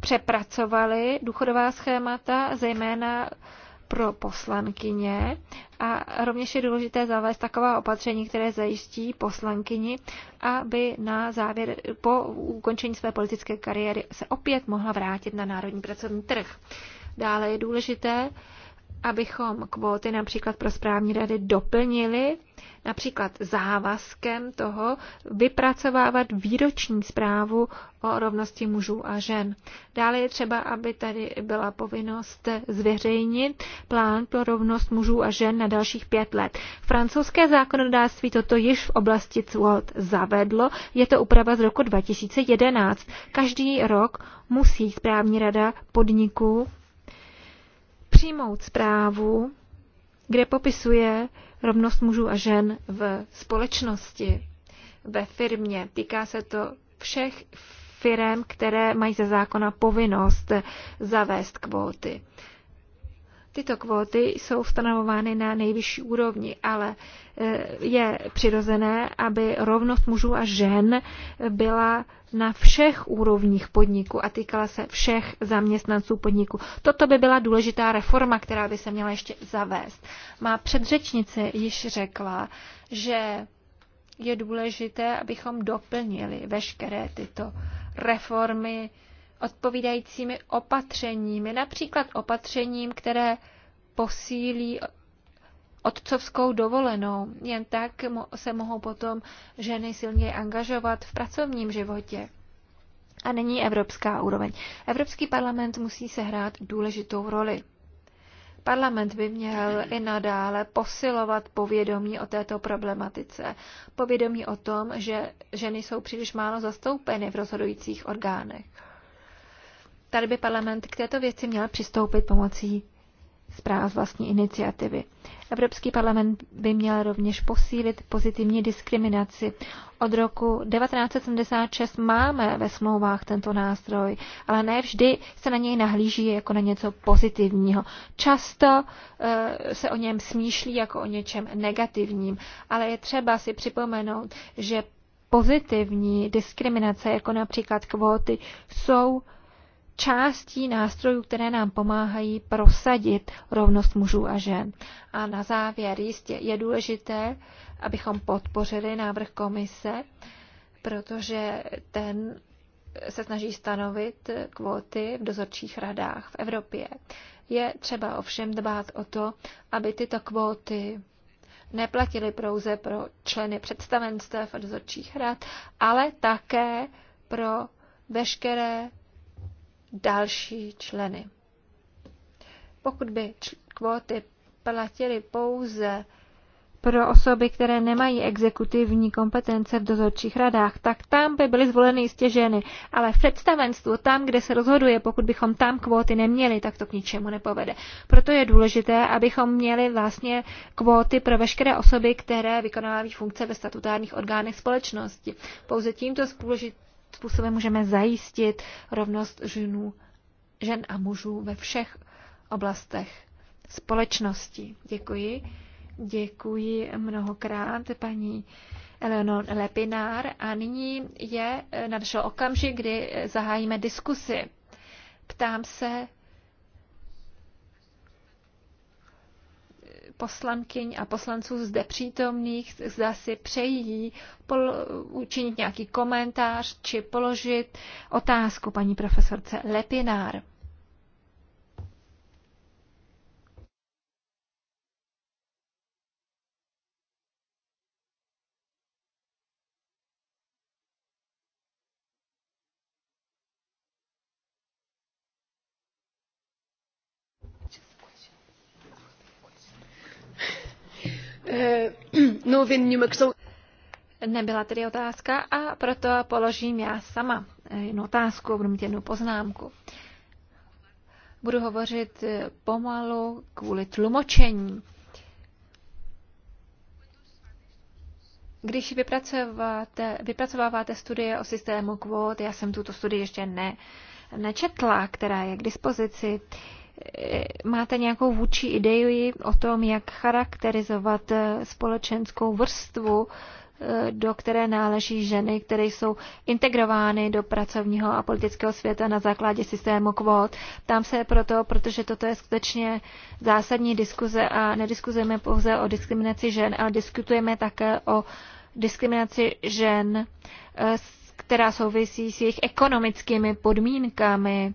přepracovali důchodová schémata, zejména pro poslankyně a rovněž je důležité zavést taková opatření, které zajistí poslankyni, aby na závěr po ukončení své politické kariéry se opět mohla vrátit na národní pracovní trh. Dále je důležité, abychom kvóty například pro správní rady doplnili například závazkem toho vypracovávat výroční zprávu o rovnosti mužů a žen. Dále je třeba, aby tady byla povinnost zveřejnit plán pro rovnost mužů a žen na dalších pět let. Francouzské zákonodárství toto již v oblasti CWOT zavedlo. Je to úprava z roku 2011. Každý rok musí správní rada podniků přijmout zprávu, kde popisuje rovnost mužů a žen v společnosti, ve firmě. Týká se to všech firm, které mají ze zákona povinnost zavést kvóty. Tyto kvóty jsou stanovovány na nejvyšší úrovni, ale e, je přirozené, aby rovnost mužů a žen byla na všech úrovních podniku a týkala se všech zaměstnanců podniku. Toto by byla důležitá reforma, která by se měla ještě zavést. Má předřečnice již řekla, že je důležité, abychom doplnili veškeré tyto reformy odpovídajícími opatřeními, například opatřením, které posílí otcovskou dovolenou. Jen tak se mohou potom ženy silně angažovat v pracovním životě. A není evropská úroveň. Evropský parlament musí sehrát důležitou roli. Parlament by měl i nadále posilovat povědomí o této problematice, povědomí o tom, že ženy jsou příliš málo zastoupeny v rozhodujících orgánech tady by parlament k této věci měl přistoupit pomocí zpráv z vlastní iniciativy. Evropský parlament by měl rovněž posílit pozitivní diskriminaci. Od roku 1976 máme ve smlouvách tento nástroj, ale ne vždy se na něj nahlíží jako na něco pozitivního. Často eh, se o něm smýšlí jako o něčem negativním, ale je třeba si připomenout, že pozitivní diskriminace, jako například kvóty, jsou částí nástrojů, které nám pomáhají prosadit rovnost mužů a žen. A na závěr jistě je důležité, abychom podpořili návrh komise, protože ten se snaží stanovit kvóty v dozorčích radách v Evropě. Je třeba ovšem dbát o to, aby tyto kvóty neplatily pouze pro členy představenstv a dozorčích rad, ale také pro veškeré další členy. Pokud by kvóty platily pouze pro osoby, které nemají exekutivní kompetence v dozorčích radách, tak tam by byly zvoleny jistě ženy. Ale v představenstvu, tam, kde se rozhoduje, pokud bychom tam kvóty neměli, tak to k ničemu nepovede. Proto je důležité, abychom měli vlastně kvóty pro veškeré osoby, které vykonávají funkce ve statutárních orgánech společnosti. Pouze tímto způsobem můžeme zajistit rovnost ženů, žen a mužů ve všech oblastech společnosti. Děkuji. Děkuji mnohokrát paní Eleonor Lepinár a nyní je eh, nadšel okamžik, kdy eh, zahájíme diskusy. Ptám se poslankyň a poslanců zde přítomných, zda si přejí učinit nějaký komentář či položit otázku paní profesorce Lepinár. Nebyla tedy otázka a proto položím já sama jednu otázku, budu mít jednu poznámku. Budu hovořit eh, pomalu kvůli tlumočení. Když vypracováváte, vypracováváte studie o systému kvót, já jsem tuto studii ještě ne, nečetla, která je k dispozici, uh, máte nějakou vůči ideji o tom, jak charakterizovat eh, společenskou vrstvu, eh, do které náleží ženy, které jsou integrovány do pracovního a politického světa na základě systému kvót. Tam se proto, protože toto je skutečně zásadní diskuze a nediskuzujeme pouze o diskriminaci žen, ale diskutujeme také o diskriminaci žen, eh, která souvisí s jejich ekonomickými podmínkami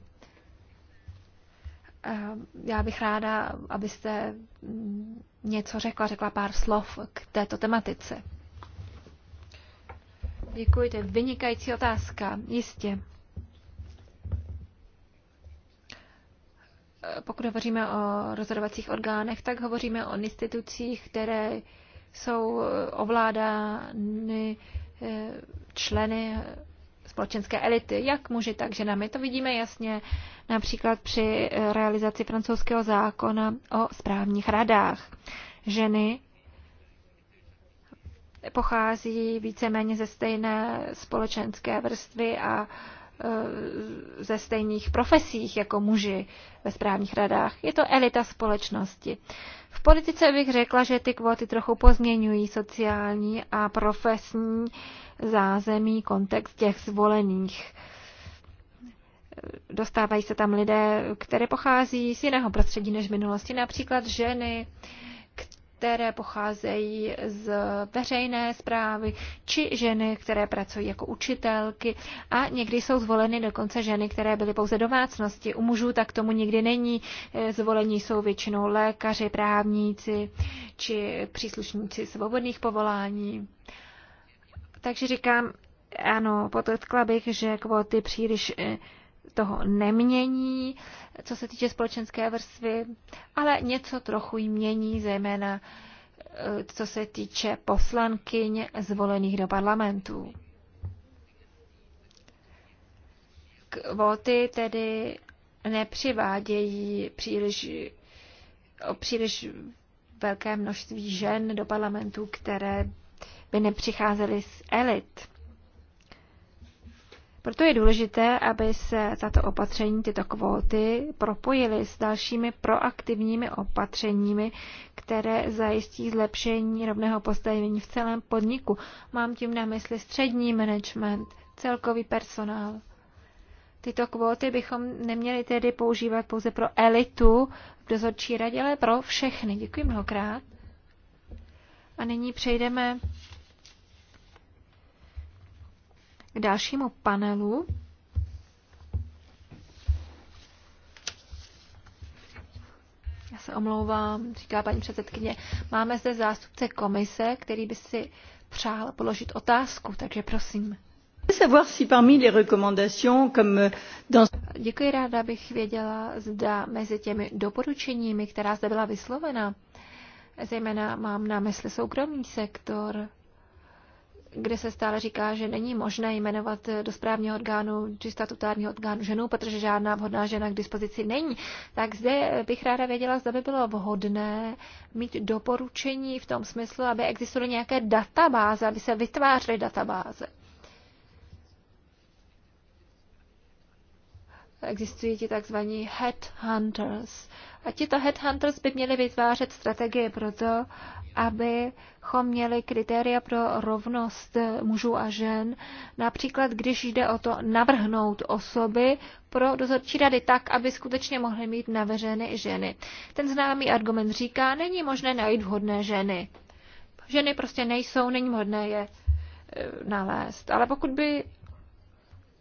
Eh, já bych ráda, abyste mm, něco řekla, řekla pár slov k této tematice. Děkuji, to je vynikající otázka, jistě. Eh, pokud hovoříme o rozhodovacích orgánech, tak hovoříme o institucích, které jsou eh, ovládány členy společenské elity, jak muži, tak ženami. To vidíme jasně například při realizaci francouzského zákona o správních radách. Ženy pochází víceméně ze stejné společenské vrstvy a e, ze stejných profesích jako muži ve správních radách. Je to elita společnosti. V politice bych řekla, že ty kvóty trochu pozměňují sociální a profesní uh, zázemí, kontext těch zvolených. Dostávají se tam lidé, které pochází z jiného prostředí než v minulosti, například ženy, které pocházejí z veřejné zprávy, či ženy, které pracují jako učitelky a někdy jsou zvoleny dokonce ženy, které byly pouze domácnosti. U mužů tak tomu nikdy není. Zvolení jsou většinou lékaři, právníci či příslušníci svobodných povolání. Takže říkám, ano, podotkla bych, že kvóty příliš eh, toho nemění, co se týče společenské vrstvy, ale něco trochu jí mění, zejména eh, co se týče poslankyň zvolených do parlamentů. Kvóty tedy nepřivádějí příliš, příliš velké množství žen do parlamentů, které aby nepřicházeli z elit. Proto je důležité, aby se tato opatření, tyto kvóty, propojily s dalšími proaktivními opatřeními, které zajistí zlepšení rovného postavení v celém podniku. Mám tím na mysli střední management, celkový personál. Tyto kvóty bychom neměli tedy používat pouze pro elitu v dozorčí radě, ale pro všechny. Děkuji mnohokrát. A nyní přejdeme k dalšímu panelu. Já se omlouvám, říká paní předsedkyně. Máme zde zástupce komise, který by si přál položit otázku, takže prosím. Euh, Děkuji, ráda bych věděla, zda mezi těmi doporučeními, která zde byla vyslovena, zejména mám na mysli soukromý sektor, kde se stále říká, že není možné jmenovat do správního orgánu či statutárního orgánu ženu, protože žádná vhodná žena k dispozici není. Tak zde bych ráda věděla, zda by bylo vhodné mít doporučení v tom smyslu, aby existovaly nějaké databáze, aby se vytvářely databáze. Existují ti takzvaní headhunters. A tito headhunters by měli vytvářet strategie pro to, abychom měli kritéria pro rovnost mužů a žen, například když jde o to navrhnout osoby pro dozorčí rady tak, aby skutečně mohly mít navrženy ženy. Ten známý argument říká, není možné najít vhodné ženy. Ženy prostě nejsou, není možné je eh, nalézt. Ale pokud by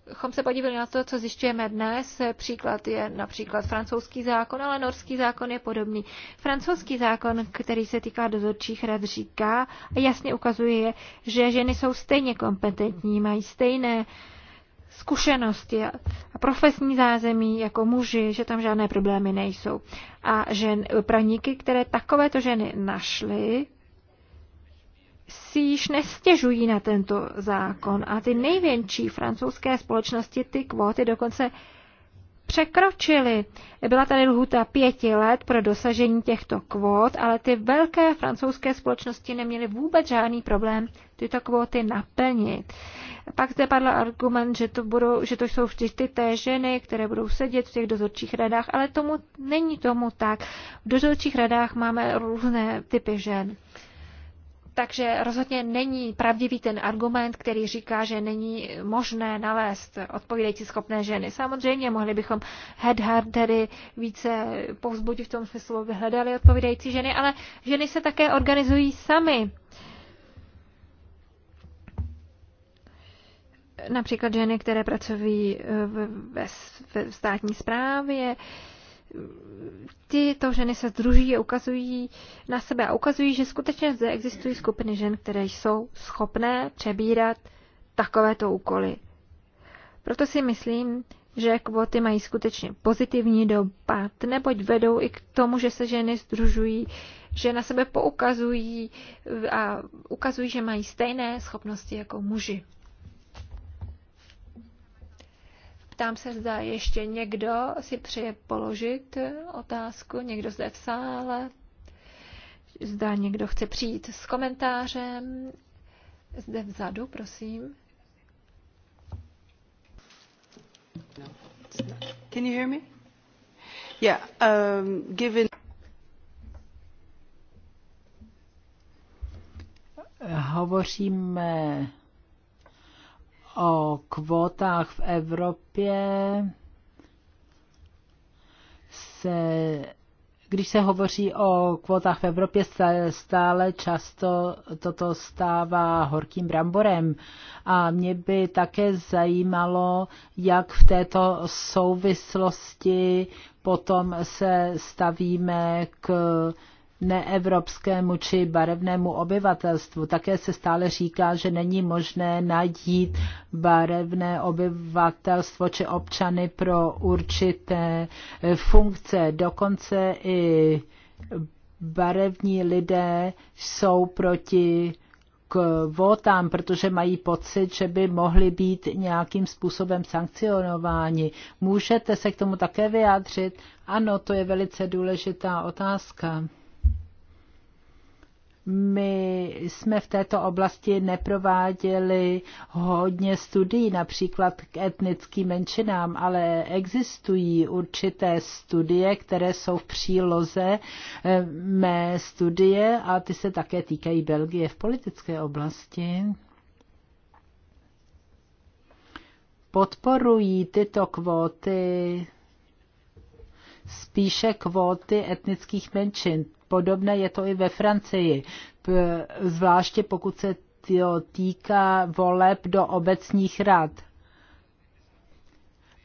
bychom se podívali na to, co zjišťujeme dnes, příklad je například francouzský zákon, ale norský zákon je podobný. Francouzský zákon, který se týká dozorčích rad, říká a jasně ukazuje, že ženy jsou stejně kompetentní, mají stejné zkušenosti a profesní zázemí jako muži, že tam žádné problémy nejsou. A žen, praníky, které takovéto ženy našly, si již nestěžují na tento zákon a ty největší francouzské společnosti ty kvóty dokonce překročily. Byla tady lhuta pěti let pro dosažení těchto kvót, ale ty velké francouzské společnosti neměly vůbec žádný problém tyto kvóty naplnit. Pak zde padl argument, že to, budou, že to jsou vždy ty té ženy, které budou sedět v těch dozorčích radách, ale tomu není tomu tak. V dozorčích radách máme různé typy žen. Takže rozhodně není pravdivý ten argument, který říká, že není možné nalézt odpovídající schopné ženy. Samozřejmě mohli bychom tedy více povzbudit v tom smyslu, aby hledali odpovídající ženy, ale ženy se také organizují sami. Například ženy, které pracují eh, ve, ve státní správě, tyto ženy se združí a ukazují na sebe a ukazují, že skutečně zde existují skupiny žen, které jsou schopné přebírat takovéto úkoly. Proto si myslím, že kvóty mají skutečně pozitivní dopad, neboť vedou i k tomu, že se ženy združují, že na sebe poukazují a ukazují, že mají stejné schopnosti jako muži. Ptám se, zda ještě někdo si přeje položit otázku, někdo zde v sále, zda někdo chce přijít s komentářem. Zde vzadu, prosím. Can you hear me? Yeah, um, given... Hovoříme o kvótách v Evropě se, když se hovoří o kvótách v Evropě, stále často toto stává horkým bramborem. A mě by také zajímalo, jak v této souvislosti potom se stavíme k neevropskému či barevnému obyvatelstvu. Také se stále říká, že není možné najít barevné obyvatelstvo či občany pro určité funkce. Dokonce i barevní lidé jsou proti kvótám, protože mají pocit, že by mohli být nějakým způsobem sankcionováni. Můžete se k tomu také vyjádřit? Ano, to je velice důležitá otázka my jsme v této oblasti neprováděli hodně studií, například k etnickým menšinám, ale existují určité studie, které jsou v příloze eh, mé studie a ty se také týkají Belgie v politické oblasti. Podporují tyto kvóty spíše kvóty etnických menšin podobné je to i ve Francii, zvláště pokud se to týká voleb do obecních rad.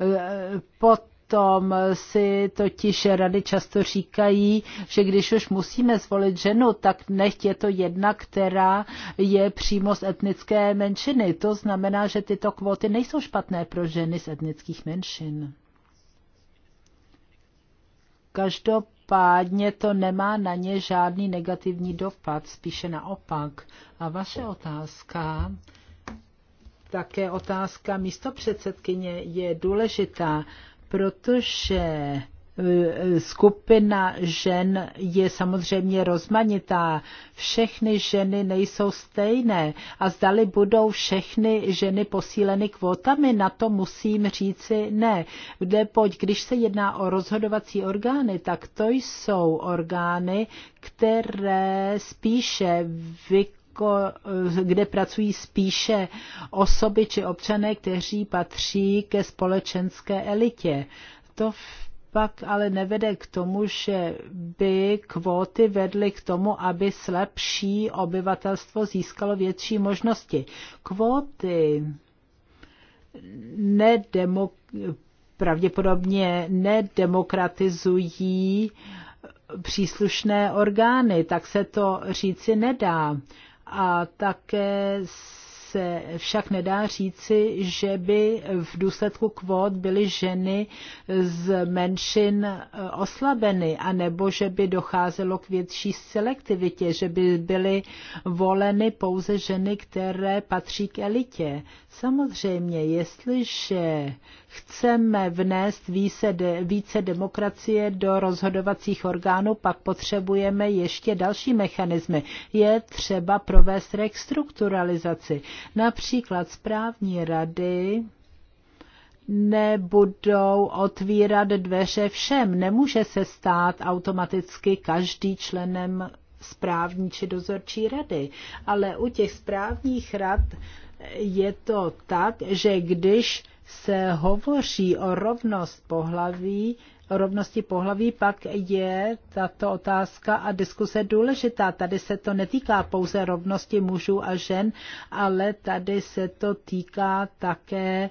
E, potom si totiž rady často říkají, že když už musíme zvolit ženu, tak nechť je to jedna, která je přímo z etnické menšiny. To znamená, že tyto kvóty nejsou špatné pro ženy z etnických menšin. Každopádně každopádně to nemá na ně žádný negativní dopad, spíše naopak. A vaše otázka, také otázka místo předsedkyně je důležitá, protože Eh, skupina žen je samozřejmě rozmanitá. Všechny ženy nejsou stejné a zdali budou všechny ženy posíleny kvotami, na to musím říci ne. pojď, když se jedná o rozhodovací orgány, tak to jsou orgány, které spíše vy eh, kde pracují spíše osoby či občané, kteří patří ke společenské elitě. To pak ale nevede k tomu, že by kvóty vedly k tomu, aby slabší obyvatelstvo získalo větší možnosti. Kvóty nedemo, pravděpodobně nedemokratizují příslušné orgány, tak se to říci nedá. A také se však nedá říci, že by v důsledku kvót byly ženy z menšin e, oslabeny, anebo že by docházelo k větší selektivitě, že by byly voleny pouze ženy, které patří k elitě. Samozřejmě, jestliže chceme vnést více, de, více demokracie do rozhodovacích orgánů, pak potřebujeme ještě další mechanismy. Je třeba provést restrukturalizaci. Například správní rady nebudou otvírat dveře všem. Nemůže se stát automaticky každý členem správní či dozorčí rady, ale u těch správních rad je to tak, že když se hovoří o rovnost pohlaví, o rovnosti pohlaví, pak je tato otázka a diskuse důležitá. Tady se to netýká pouze rovnosti mužů a žen, ale tady se to týká také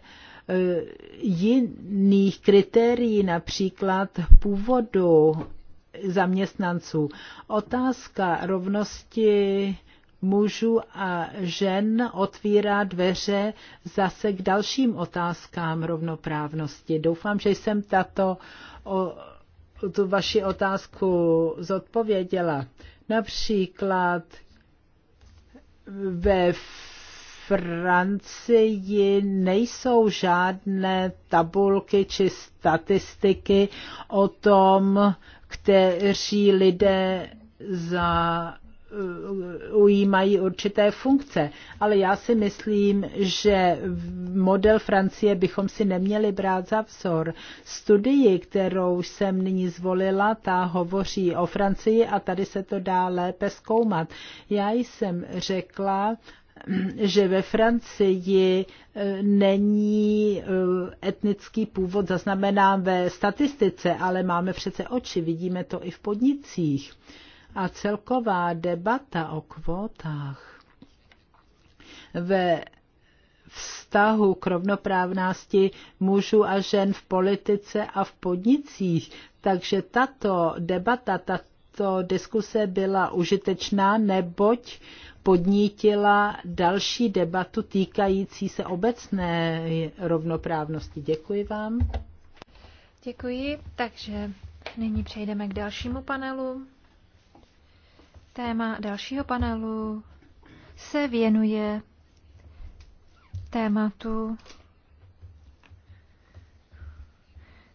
eh, jiných kritérií, například původu zaměstnanců. Otázka rovnosti mužů a žen otvírá dveře zase k dalším otázkám rovnoprávnosti. Doufám, že jsem tato o, tu vaši otázku zodpověděla. Například ve Francii nejsou žádné tabulky či statistiky o tom, kteří lidé za ujímají určité funkce. Ale já si myslím, že model Francie bychom si neměli brát za vzor. Studii, kterou jsem nyní zvolila, ta hovoří o Francii a tady se to dá lépe zkoumat. Já jsem řekla, že ve Francii eh, není eh, etnický původ zaznamenán ve statistice, ale máme přece oči, vidíme to i v podnicích. A celková debata o kvótách ve vztahu k rovnoprávnosti mužů a žen v politice a v podnicích. Takže tato debata, tato diskuse byla užitečná, neboť podnítila další debatu týkající se obecné rovnoprávnosti. Děkuji vám. Děkuji, takže nyní přejdeme k dalšímu panelu. Téma dalšího panelu se věnuje tématu,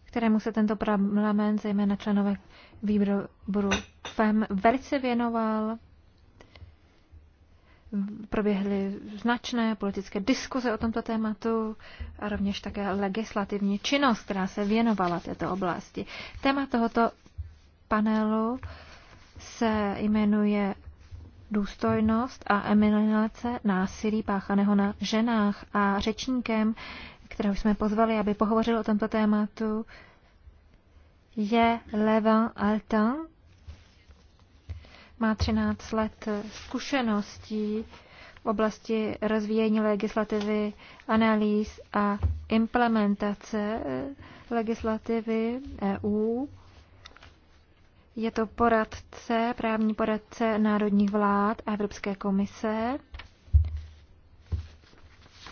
kterému se tento parlament, zejména členové výboru FEM, velice věnoval. Proběhly značné politické diskuze o tomto tématu a rovněž také legislativní činnost, která se věnovala této oblasti. Téma tohoto panelu se jmenuje důstojnost a eminence násilí páchaného na ženách. A řečníkem, kterého jsme pozvali, aby pohovořil o tomto tématu, je Levin Altan. Má 13 let zkušeností v oblasti rozvíjení legislativy, analýz a implementace legislativy EU. Je to poradce, právní poradce národních vlád a Evropské komise.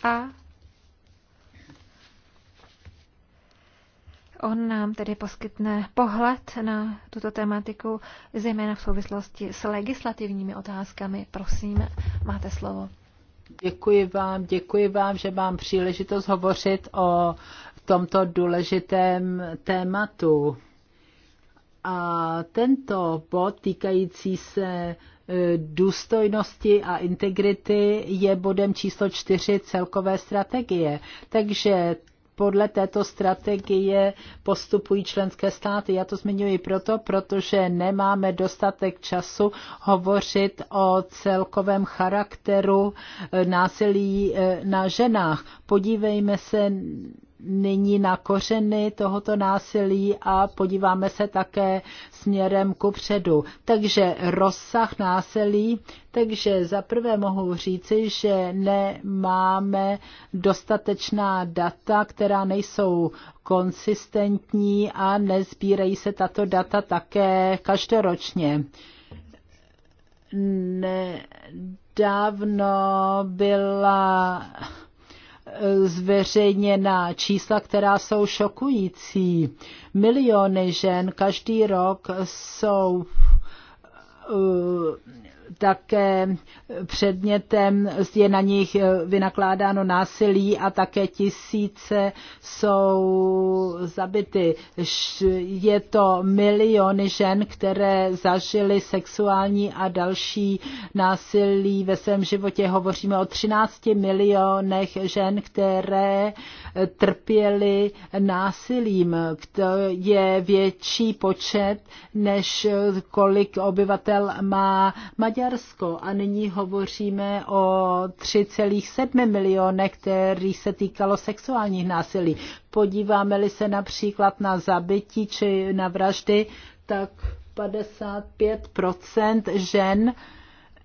A on nám tedy poskytne pohled na tuto tematiku, zejména v souvislosti s legislativními otázkami. Prosím, máte slovo. Děkuji vám, děkuji vám, že mám příležitost hovořit o tomto důležitém tématu. A tento bod týkající se e, důstojnosti a integrity je bodem číslo čtyři celkové strategie. Takže podle této strategie postupují členské státy. Já to zmiňuji proto, protože nemáme dostatek času hovořit o celkovém charakteru e, násilí e, na ženách. Podívejme se nyní na kořeny tohoto násilí a podíváme se také směrem ku předu. Takže rozsah násilí, takže za prvé mohu říci, že nemáme dostatečná data, která nejsou konsistentní a nezbírají se tato data také každoročně. Nedávno byla zveřejněna čísla, která jsou šokující. Miliony žen každý rok jsou uh, také předmětem, je na nich eh, vynakládáno násilí a také tisíce jsou zabity. Je to miliony žen, které zažily sexuální a další násilí ve svém životě. Hovoříme o 13 milionech žen, které trpěly násilím. To je větší počet, než kolik obyvatel má Maďarsko Maďarsko a nyní hovoříme o 3,7 milionech, který se týkalo sexuálních násilí. Podíváme-li se například na zabití či na vraždy, tak 55 žen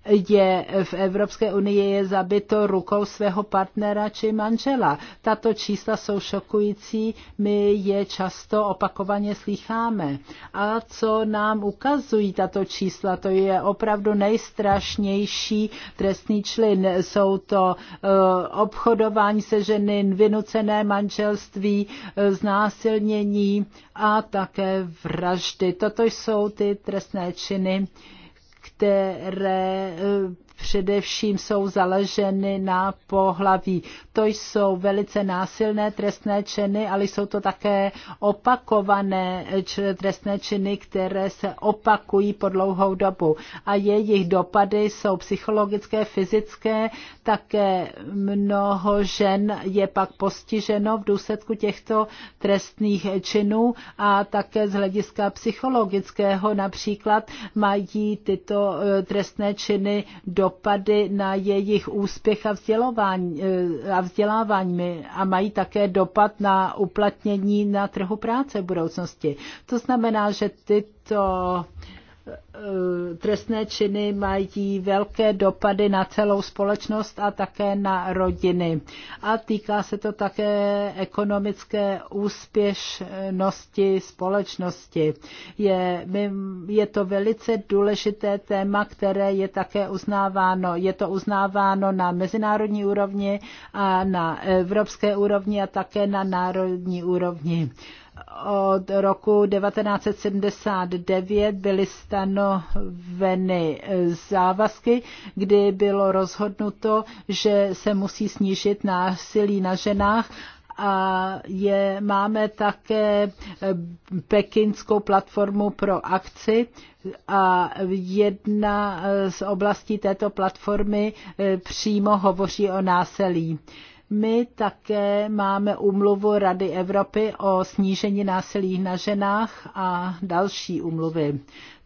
je v Evropské unii je zabito rukou svého partnera či manžela. Tato čísla jsou šokující, my je často opakovaně slycháme. A co nám ukazují tato čísla, to je opravdu nejstrašnější trestný člin. Jsou to eh, obchodování se ženin, vynucené manželství, eh, znásilnění a také vraždy. Toto jsou ty trestné činy, které eh, především jsou založeny na pohlaví. To jsou velice násilné trestné činy, ale jsou to také opakované eh, trestné činy, které se opakují po dlouhou dobu. A jejich dopady jsou psychologické, fyzické, také mnoho žen je pak postiženo v důsledku těchto trestných činů a také z hlediska psychologického například mají tyto trestné činy dopady na jejich úspěch a, vzdělování, eh, a vzdělávání a mají také dopad na uplatnění na trhu práce v budoucnosti. To znamená, že tyto trestné činy mají velké dopady na celou společnost a také na rodiny. A týká se to také ekonomické úspěšnosti společnosti. Je, je to velice důležité téma, které je také uznáváno. Je to uznáváno na mezinárodní úrovni a na evropské úrovni a také na národní úrovni od roku 1979 byly stanoveny závazky, kdy bylo rozhodnuto, že se musí snížit násilí na ženách a je, máme také pekinskou platformu pro akci a jedna z oblastí této platformy eh, přímo hovoří o násilí. My také máme umluvu Rady Evropy o snížení násilí na ženách a další umluvy.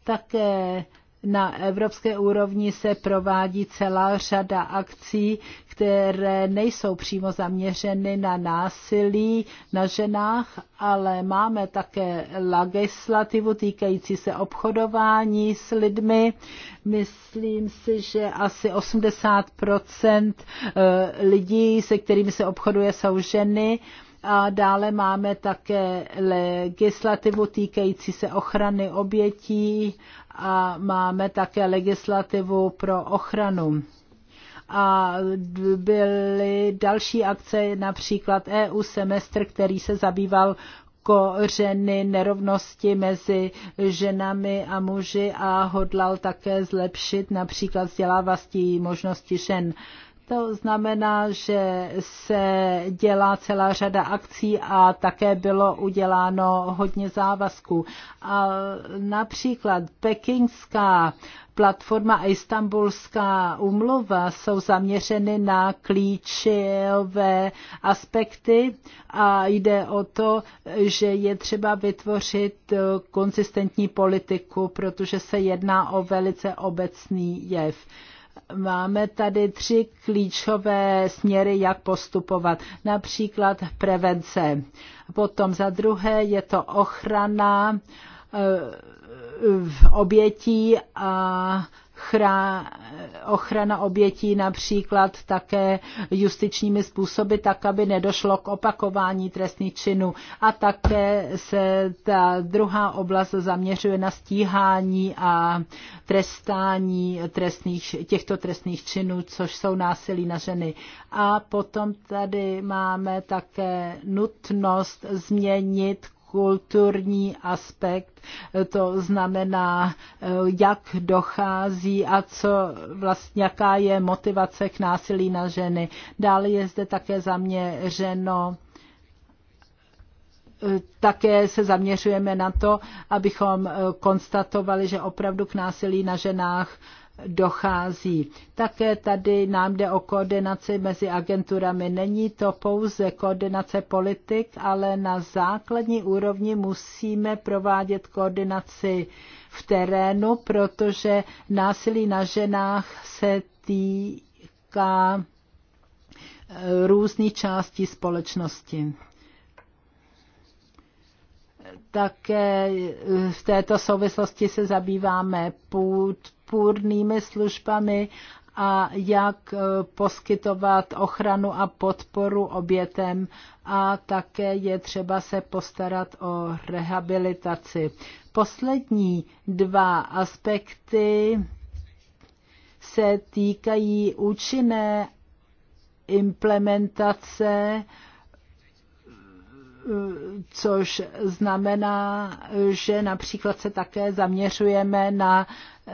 Také na evropské úrovni se provádí celá řada akcí, které nejsou přímo zaměřeny na násilí na ženách, ale máme také legislativu týkající se obchodování s lidmi. Myslím si, že asi 80 eh, lidí, se kterými se obchoduje, jsou ženy. A dále máme také legislativu týkající se ochrany obětí a máme také legislativu pro ochranu a byly další akce, například EU semestr, který se zabýval kořeny nerovnosti mezi ženami a muži a hodlal také zlepšit například vzdělávací možnosti žen. To znamená, že se dělá celá řada akcí a také bylo uděláno hodně závazků. A například pekingská platforma a istambulská umluva jsou zaměřeny na klíčové aspekty a jde o to, že je třeba vytvořit konsistentní politiku, protože se jedná o velice obecný jev máme tady tři klíčové směry, jak postupovat. Například prevence. Potom za druhé je to ochrana eh, v obětí a ochrana obětí například také justičními způsoby, tak aby nedošlo k opakování trestných činů. A také se ta druhá oblast zaměřuje na stíhání a trestání trestných, těchto trestných činů, což jsou násilí na ženy. A potom tady máme také nutnost změnit kulturní aspekt, to znamená, eh, jak dochází a co vlastně, jaká je motivace k násilí na ženy. Dále je zde také zaměřeno eh, také se zaměřujeme na to, abychom eh, konstatovali, že opravdu k násilí na ženách dochází. Také tady nám jde o koordinaci mezi agenturami. Není to pouze koordinace politik, ale na základní úrovni musíme provádět koordinaci v terénu, protože násilí na ženách se týká eh, různých částí společnosti také eh, v této souvislosti se zabýváme půd, podpůrnými službami a jak eh, poskytovat ochranu a podporu obětem a také je třeba se postarat o rehabilitaci. Poslední dva aspekty se týkají účinné implementace což znamená, že například se také zaměřujeme na e,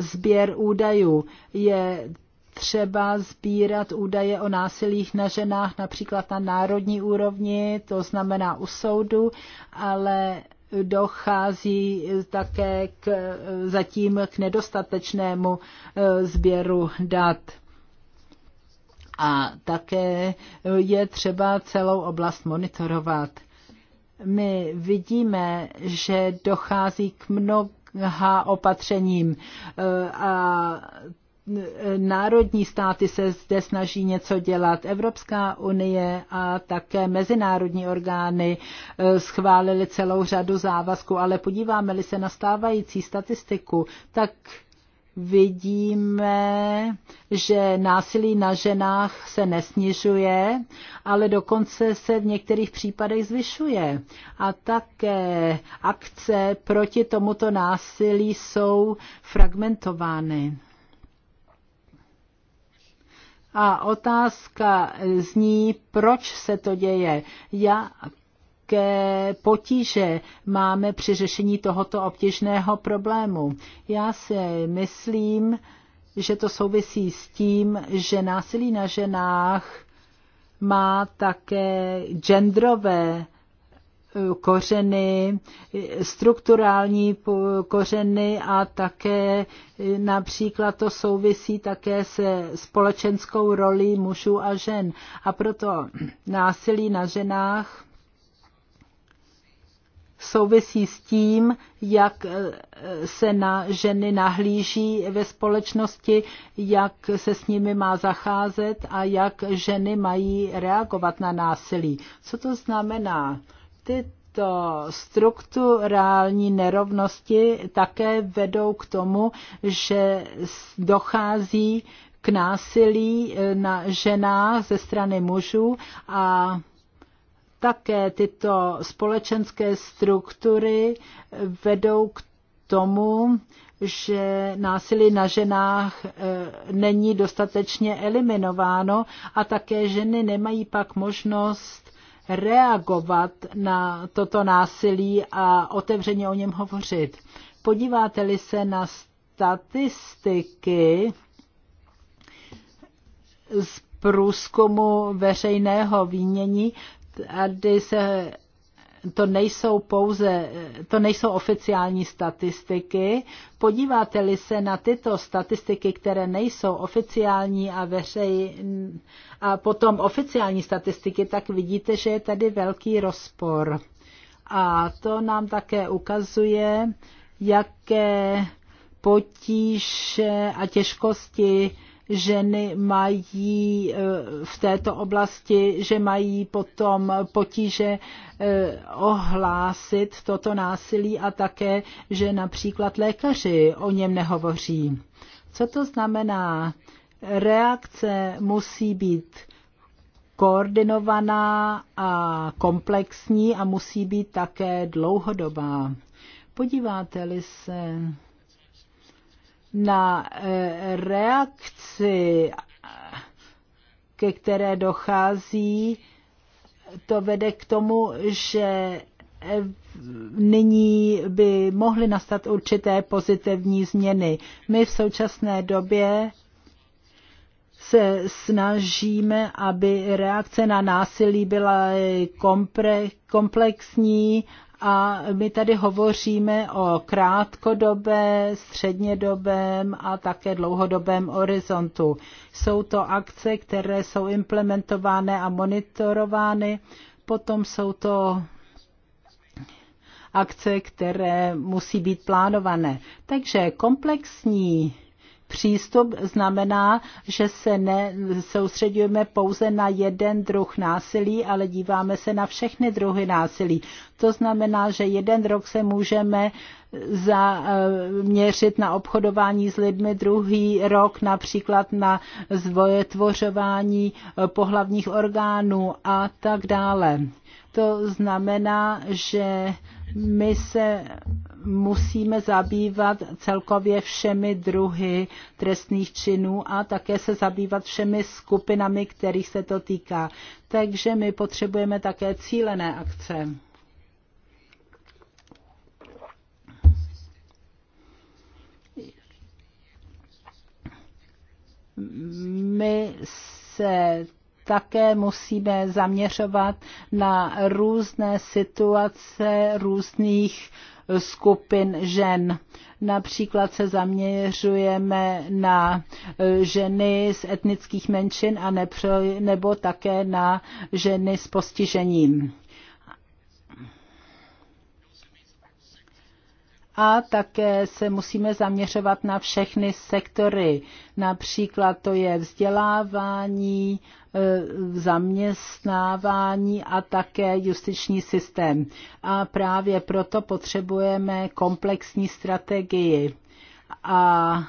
sběr údajů. Je třeba sbírat údaje o násilích na ženách například na národní úrovni, to znamená u soudu, ale dochází také k, zatím k nedostatečnému e, sběru dat. A také eh, je třeba celou oblast monitorovat. My vidíme, že dochází k mnoha opatřením eh, a eh, národní státy se zde snaží něco dělat. Evropská unie a také mezinárodní orgány schválili celou řadu závazků, ale podíváme-li se na stávající statistiku, tak vidíme, že násilí na ženách se nesnižuje, ale dokonce se v některých případech zvyšuje. A také akce proti tomuto násilí jsou fragmentovány. A otázka zní, proč se to děje, jak jaké potíže máme při řešení tohoto obtížného problému. Já si myslím, že to souvisí s tím, že násilí na ženách má také genderové eh, kořeny, strukturální kořeny a také eh, například to souvisí také se společenskou rolí mužů a žen. A proto násilí na ženách souvisí s tím, jak eh, se na ženy nahlíží ve společnosti, jak se s nimi má zacházet a jak ženy mají reagovat na násilí. Co to znamená? Tyto strukturální nerovnosti také vedou k tomu, že dochází k násilí eh, na ženách ze strany mužů a také tyto společenské struktury vedou k tomu, že násilí na ženách eh, není dostatečně eliminováno a také ženy nemají pak možnost reagovat na toto násilí a otevřeně o něm hovořit. Podíváte-li se na statistiky z průzkumu veřejného výmění, tady se to nejsou pouze, to nejsou oficiální statistiky. Podíváte-li se na tyto statistiky, které nejsou oficiální a veřej, a potom oficiální statistiky, tak vidíte, že je tady velký rozpor. A to nám také ukazuje, jaké potíže a těžkosti ženy mají e, v této oblasti, že mají potom potíže e, ohlásit toto násilí a také, že například lékaři o něm nehovoří. Co to znamená? Reakce musí být koordinovaná a komplexní a musí být také dlouhodobá. Podíváte-li se na eh, reakci, ke které dochází, to vede k tomu, že eh, nyní by mohly nastat určité pozitivní změny. My v současné době se snažíme, aby reakce na násilí byla komplexní a my tady hovoříme o krátkodobé, střednědobém a také dlouhodobém horizontu. Jsou to akce, které jsou implementovány a monitorovány, potom jsou to akce, které musí být plánované. Takže komplexní přístup znamená, že se soustředíme pouze na jeden druh násilí, ale díváme se na všechny druhy násilí. To znamená, že jeden rok se můžeme zaměřit eh, na obchodování s lidmi, druhý rok například na zvojetvořování eh, pohlavních orgánů a tak dále. To znamená, že my se musíme zabývat celkově všemi druhy trestných činů a také se zabývat všemi skupinami, kterých se to týká. Takže my potřebujeme také cílené akce. My se také musíme zaměřovat na různé situace různých skupin žen. Například se zaměřujeme na e, ženy z etnických menšin a nebo také na ženy s postižením. a také se musíme zaměřovat na všechny sektory. Například to je vzdělávání, e, zaměstnávání a také justiční systém. A právě proto potřebujeme komplexní strategii. A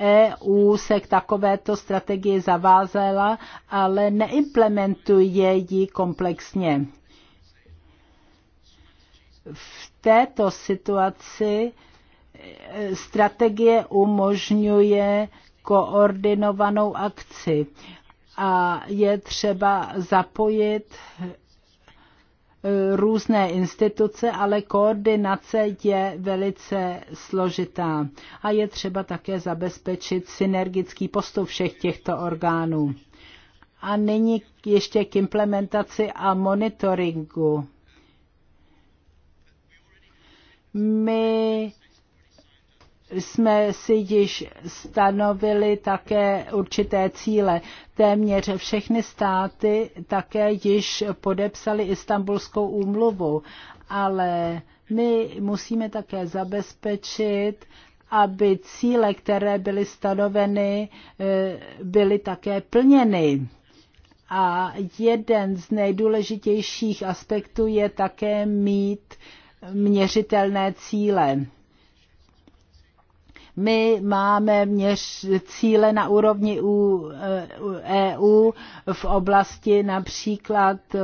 EU se k takovéto strategii zavázela, ale neimplementuje ji komplexně. V této situaci e, strategie umožňuje koordinovanou akci a je třeba zapojit e, různé instituce, ale koordinace je velice složitá a je třeba také zabezpečit synergický postup všech těchto orgánů. A nyní ještě k implementaci a monitoringu. My jsme si již stanovili také určité cíle. Téměř všechny státy také již podepsali Istanbulskou úmluvu, ale my musíme také zabezpečit, aby cíle, které byly stanoveny, eh, byly také plněny. A jeden z nejdůležitějších aspektů je také mít měřitelné cíle. My máme měř cíle na úrovni EU eh, e v oblasti například eh,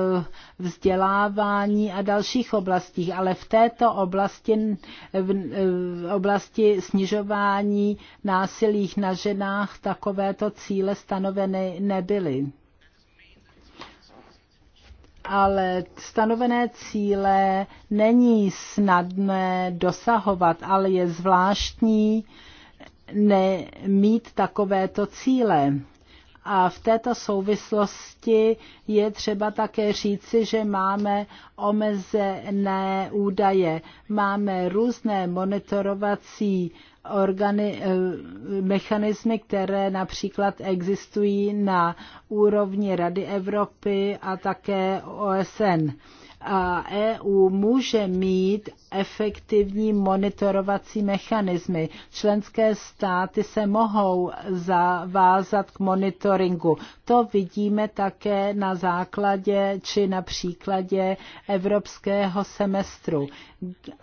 vzdělávání a dalších oblastích, ale v této oblasti, eh, v oblasti snižování násilí na ženách takovéto cíle stanoveny nebyly ale stanovené cíle není snadné dosahovat, ale je zvláštní nemít takovéto cíle. A v této souvislosti je třeba také říci, že máme omezené údaje. Máme různé monitorovací organi- eh, mechanismy, které například existují na úrovni Rady Evropy a také OSN a EU může mít efektivní monitorovací mechanismy. Členské státy se mohou zavázat k monitoringu. To vidíme také na základě či na příkladě evropského semestru.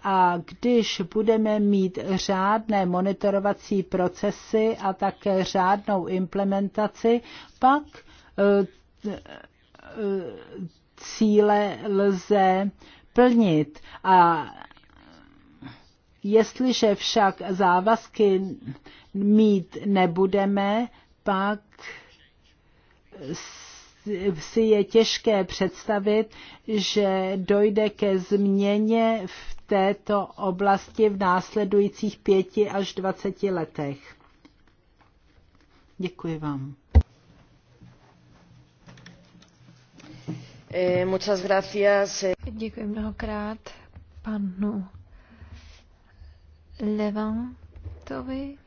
A když budeme mít řádné monitorovací procesy a také řádnou implementaci, pak eh, eh, cíle lze plnit. A jestliže však závazky mít nebudeme, pak si je těžké představit, že dojde ke změně v této oblasti v následujících pěti až dvaceti letech. Děkuji vám. Eh, muchas gracias. Eh. Děkuji mnohokrát panu Levantovi.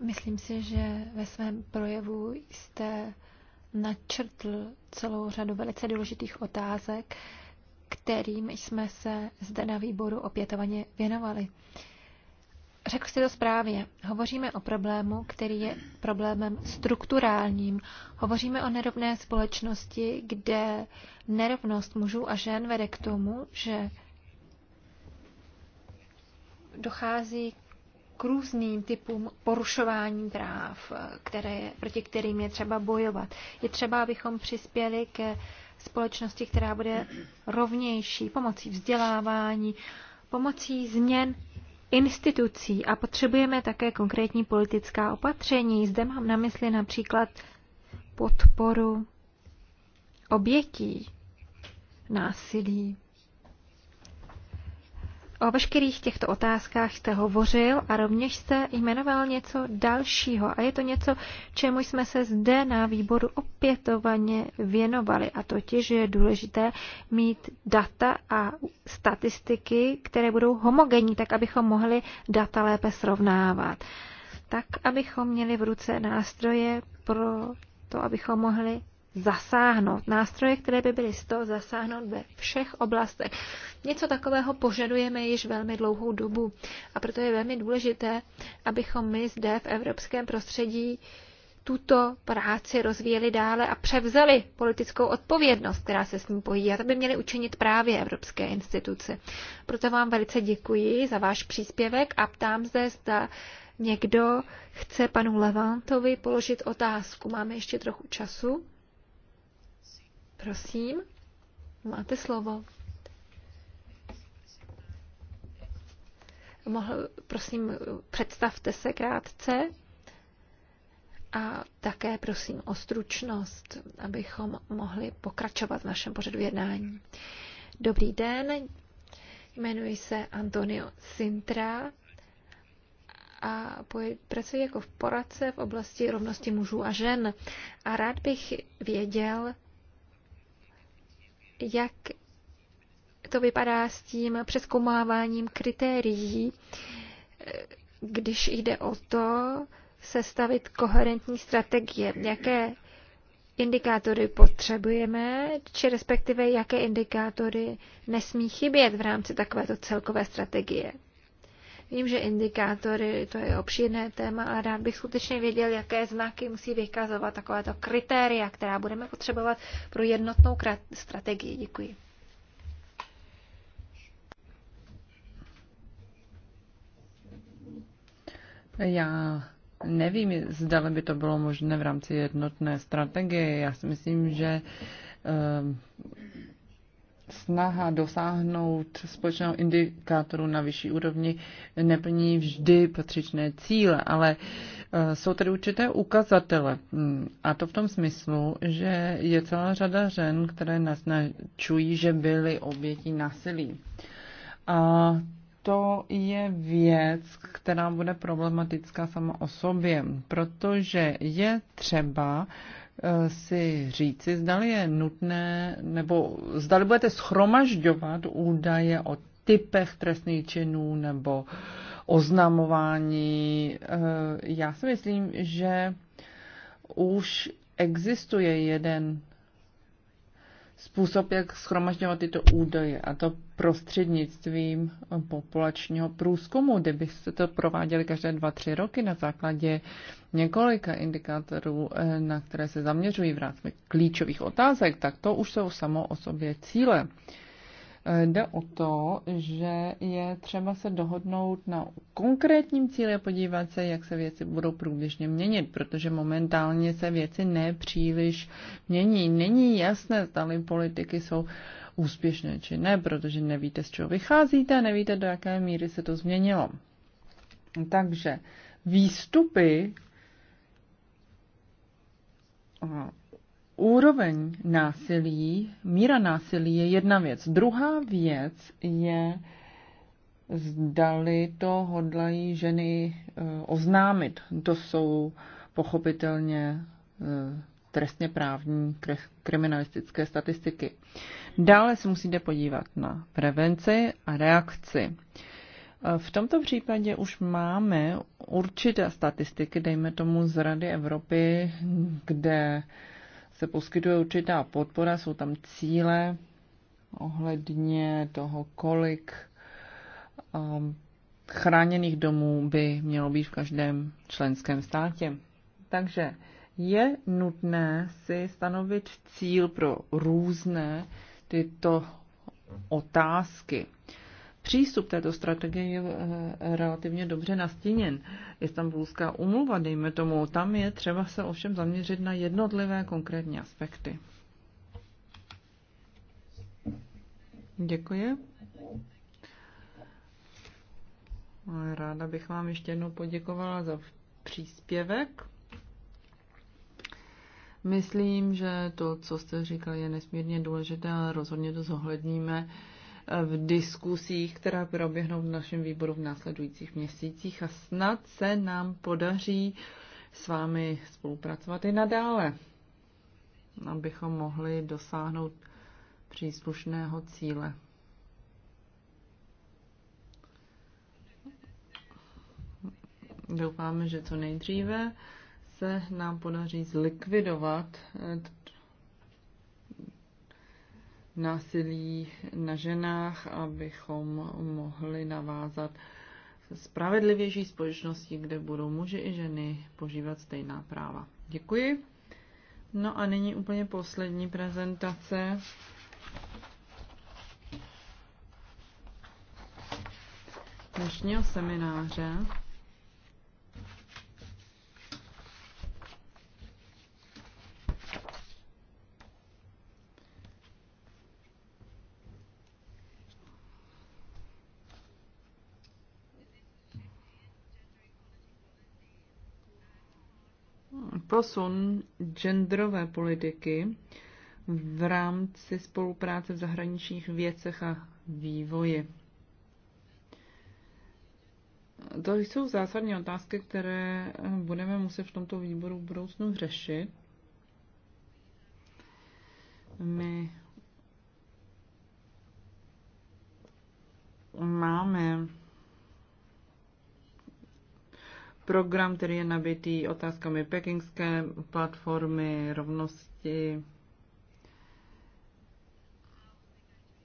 Myslím si, že ve svém projevu jste načrtl celou řadu velice důležitých otázek, kterým jsme se zde na výboru opětovaně věnovali. Řekl jste to správně. Hovoříme o problému, který je problémem strukturálním. Hovoříme o nerovné společnosti, kde nerovnost mužů a žen vede k tomu, že dochází k různým typům porušování práv, které, proti kterým je třeba bojovat. Je třeba, abychom přispěli ke společnosti, která bude rovnější pomocí vzdělávání, pomocí změn institucí a potřebujeme také konkrétní politická opatření. Zde mám na mysli například podporu obětí násilí. O veškerých těchto otázkách jste hovořil a rovněž jste jmenoval něco dalšího. A je to něco, čemu jsme se zde na výboru opětovaně věnovali. A totiž je důležité mít data a statistiky, které budou homogenní, tak abychom mohli data lépe srovnávat. Tak, abychom měli v ruce nástroje pro to, abychom mohli zasáhnout. Nástroje, které by byly z toho zasáhnout ve všech oblastech. Něco takového požadujeme již velmi dlouhou dobu a proto je velmi důležité, abychom my zde v evropském prostředí tuto práci rozvíjeli dále a převzali politickou odpovědnost, která se s ním pojí. A to by měly učinit právě evropské instituce. Proto vám velice děkuji za váš příspěvek a ptám se, zda někdo chce panu Levantovi položit otázku. Máme ještě trochu času. Prosím, máte slovo. Mohl, prosím, představte se krátce a také prosím o stručnost, abychom mohli pokračovat v našem pořadu jednání. Dobrý den, jmenuji se Antonio Sintra a pracuji jako v poradce v oblasti rovnosti mužů a žen. A rád bych věděl, jak to vypadá s tím přeskoumáváním kritérií, když jde o to sestavit koherentní strategie, jaké indikátory potřebujeme, či respektive jaké indikátory nesmí chybět v rámci takovéto celkové strategie. Vím, že indikátory, to je obšírné téma, ale rád bych skutečně věděl, jaké znaky musí vykazovat takovéto kritéria, která budeme potřebovat pro jednotnou strategii. Děkuji. Já nevím, zda by to bylo možné v rámci jednotné strategie. Já si myslím, že snaha dosáhnout společného indikátoru na vyšší úrovni neplní vždy patřičné cíle, ale eh, jsou tedy určité ukazatele. Hmm, a to v tom smyslu, že je celá řada žen, které naznačují, že byly obětí násilí. A to je věc, která bude problematická sama o sobě, protože je třeba uh, Eh, si říci, zdali je nutné, nebo zdali budete schromažďovat údaje o typech trestných činů nebo oznamování. Eh, já si myslím, že už existuje jeden způsob, jak schromažďovat tyto údaje, a to prostřednictvím populačního průzkumu, kde byste to prováděli každé dva, tři roky na základě několika indikátorů, eh, na které se zaměřují v rámci klíčových otázek, tak to už jsou samo o sobě cíle. Eh, jde o to, že je třeba se dohodnout na konkrétním cíli a podívat se, jak se věci budou průběžně měnit, protože momentálně se věci nepříliš mění. Není jasné, zda politiky jsou úspěšné či ne, protože nevíte, z čeho vycházíte, nevíte, do jaké míry se to změnilo. Takže výstupy úroveň násilí, míra násilí je jedna věc. Druhá věc je, zdali to hodlají ženy eh, oznámit. To jsou pochopitelně eh, trestně právní kriminalistické statistiky. Dále se musíte podívat na prevenci a reakci. Eh, v tomto případě už máme určité statistiky, dejme tomu z Rady Evropy, kde se poskytuje určitá podpora, jsou tam cíle ohledně toho, kolik um, chráněných domů by mělo být v každém členském státě. Takže je nutné si stanovit cíl pro různé tyto otázky přístup této strategie je eh, relativně dobře nastíněn. Istanbulská umluva, dejme tomu, tam je třeba se ovšem zaměřit na jednotlivé konkrétní aspekty. Děkuji. No, ráda bych vám ještě jednou poděkovala za příspěvek. Myslím, že to, co jste říkal, je nesmírně důležité, ale rozhodně to zohledníme v diskusích, které proběhnou v našem výboru v následujících měsících a snad se nám podaří s vámi spolupracovat i nadále, abychom mohli dosáhnout příslušného cíle. Doufáme, že co nejdříve se nám podaří zlikvidovat násilí na ženách, abychom mohli navázat spravedlivější společnosti, kde budou muži i ženy požívat stejná práva. Děkuji. No a nyní úplně poslední prezentace. dnešního semináře. posun genderové politiky v rámci spolupráce v zahraničních věcech a vývoji. To jsou zásadní otázky, které budeme muset v tomto výboru v budoucnu řešit. My máme program, který je nabitý otázkami pekingské platformy, rovnosti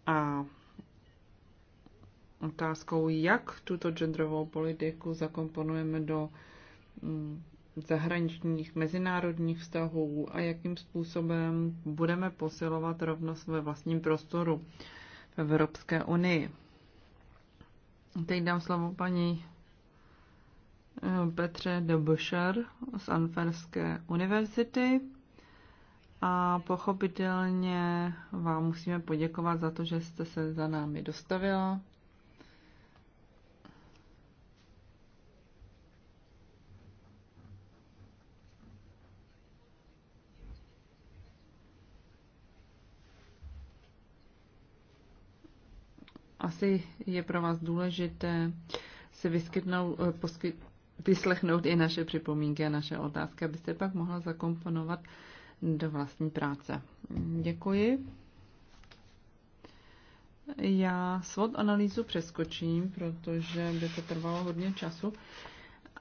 a otázkou, jak tuto genderovou politiku zakomponujeme do mm, zahraničních, mezinárodních vztahů a jakým způsobem budeme posilovat rovnost ve vlastním prostoru v Evropské unii. Teď dám slovo paní Petře Dobušar z Anferské univerzity a pochopitelně vám musíme poděkovat za to, že jste se za námi dostavila. Asi je pro vás důležité se vyskytnout, eh, poskyt, vyslechnout i naše připomínky a naše otázky, abyste pak mohla zakomponovat do vlastní práce. Děkuji. Já svod analýzu přeskočím, protože by to trvalo hodně času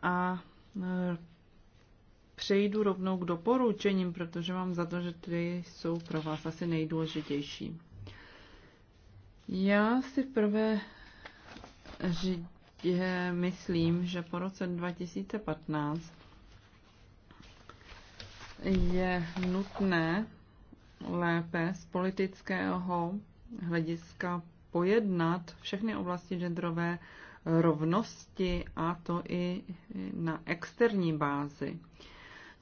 a e, přejdu rovnou k doporučením, protože mám za to, že ty jsou pro vás asi nejdůležitější. Já si prvé myslím, že po roce 2015 je nutné lépe z politického hlediska pojednat všechny oblasti genderové rovnosti a to i na externí bázi.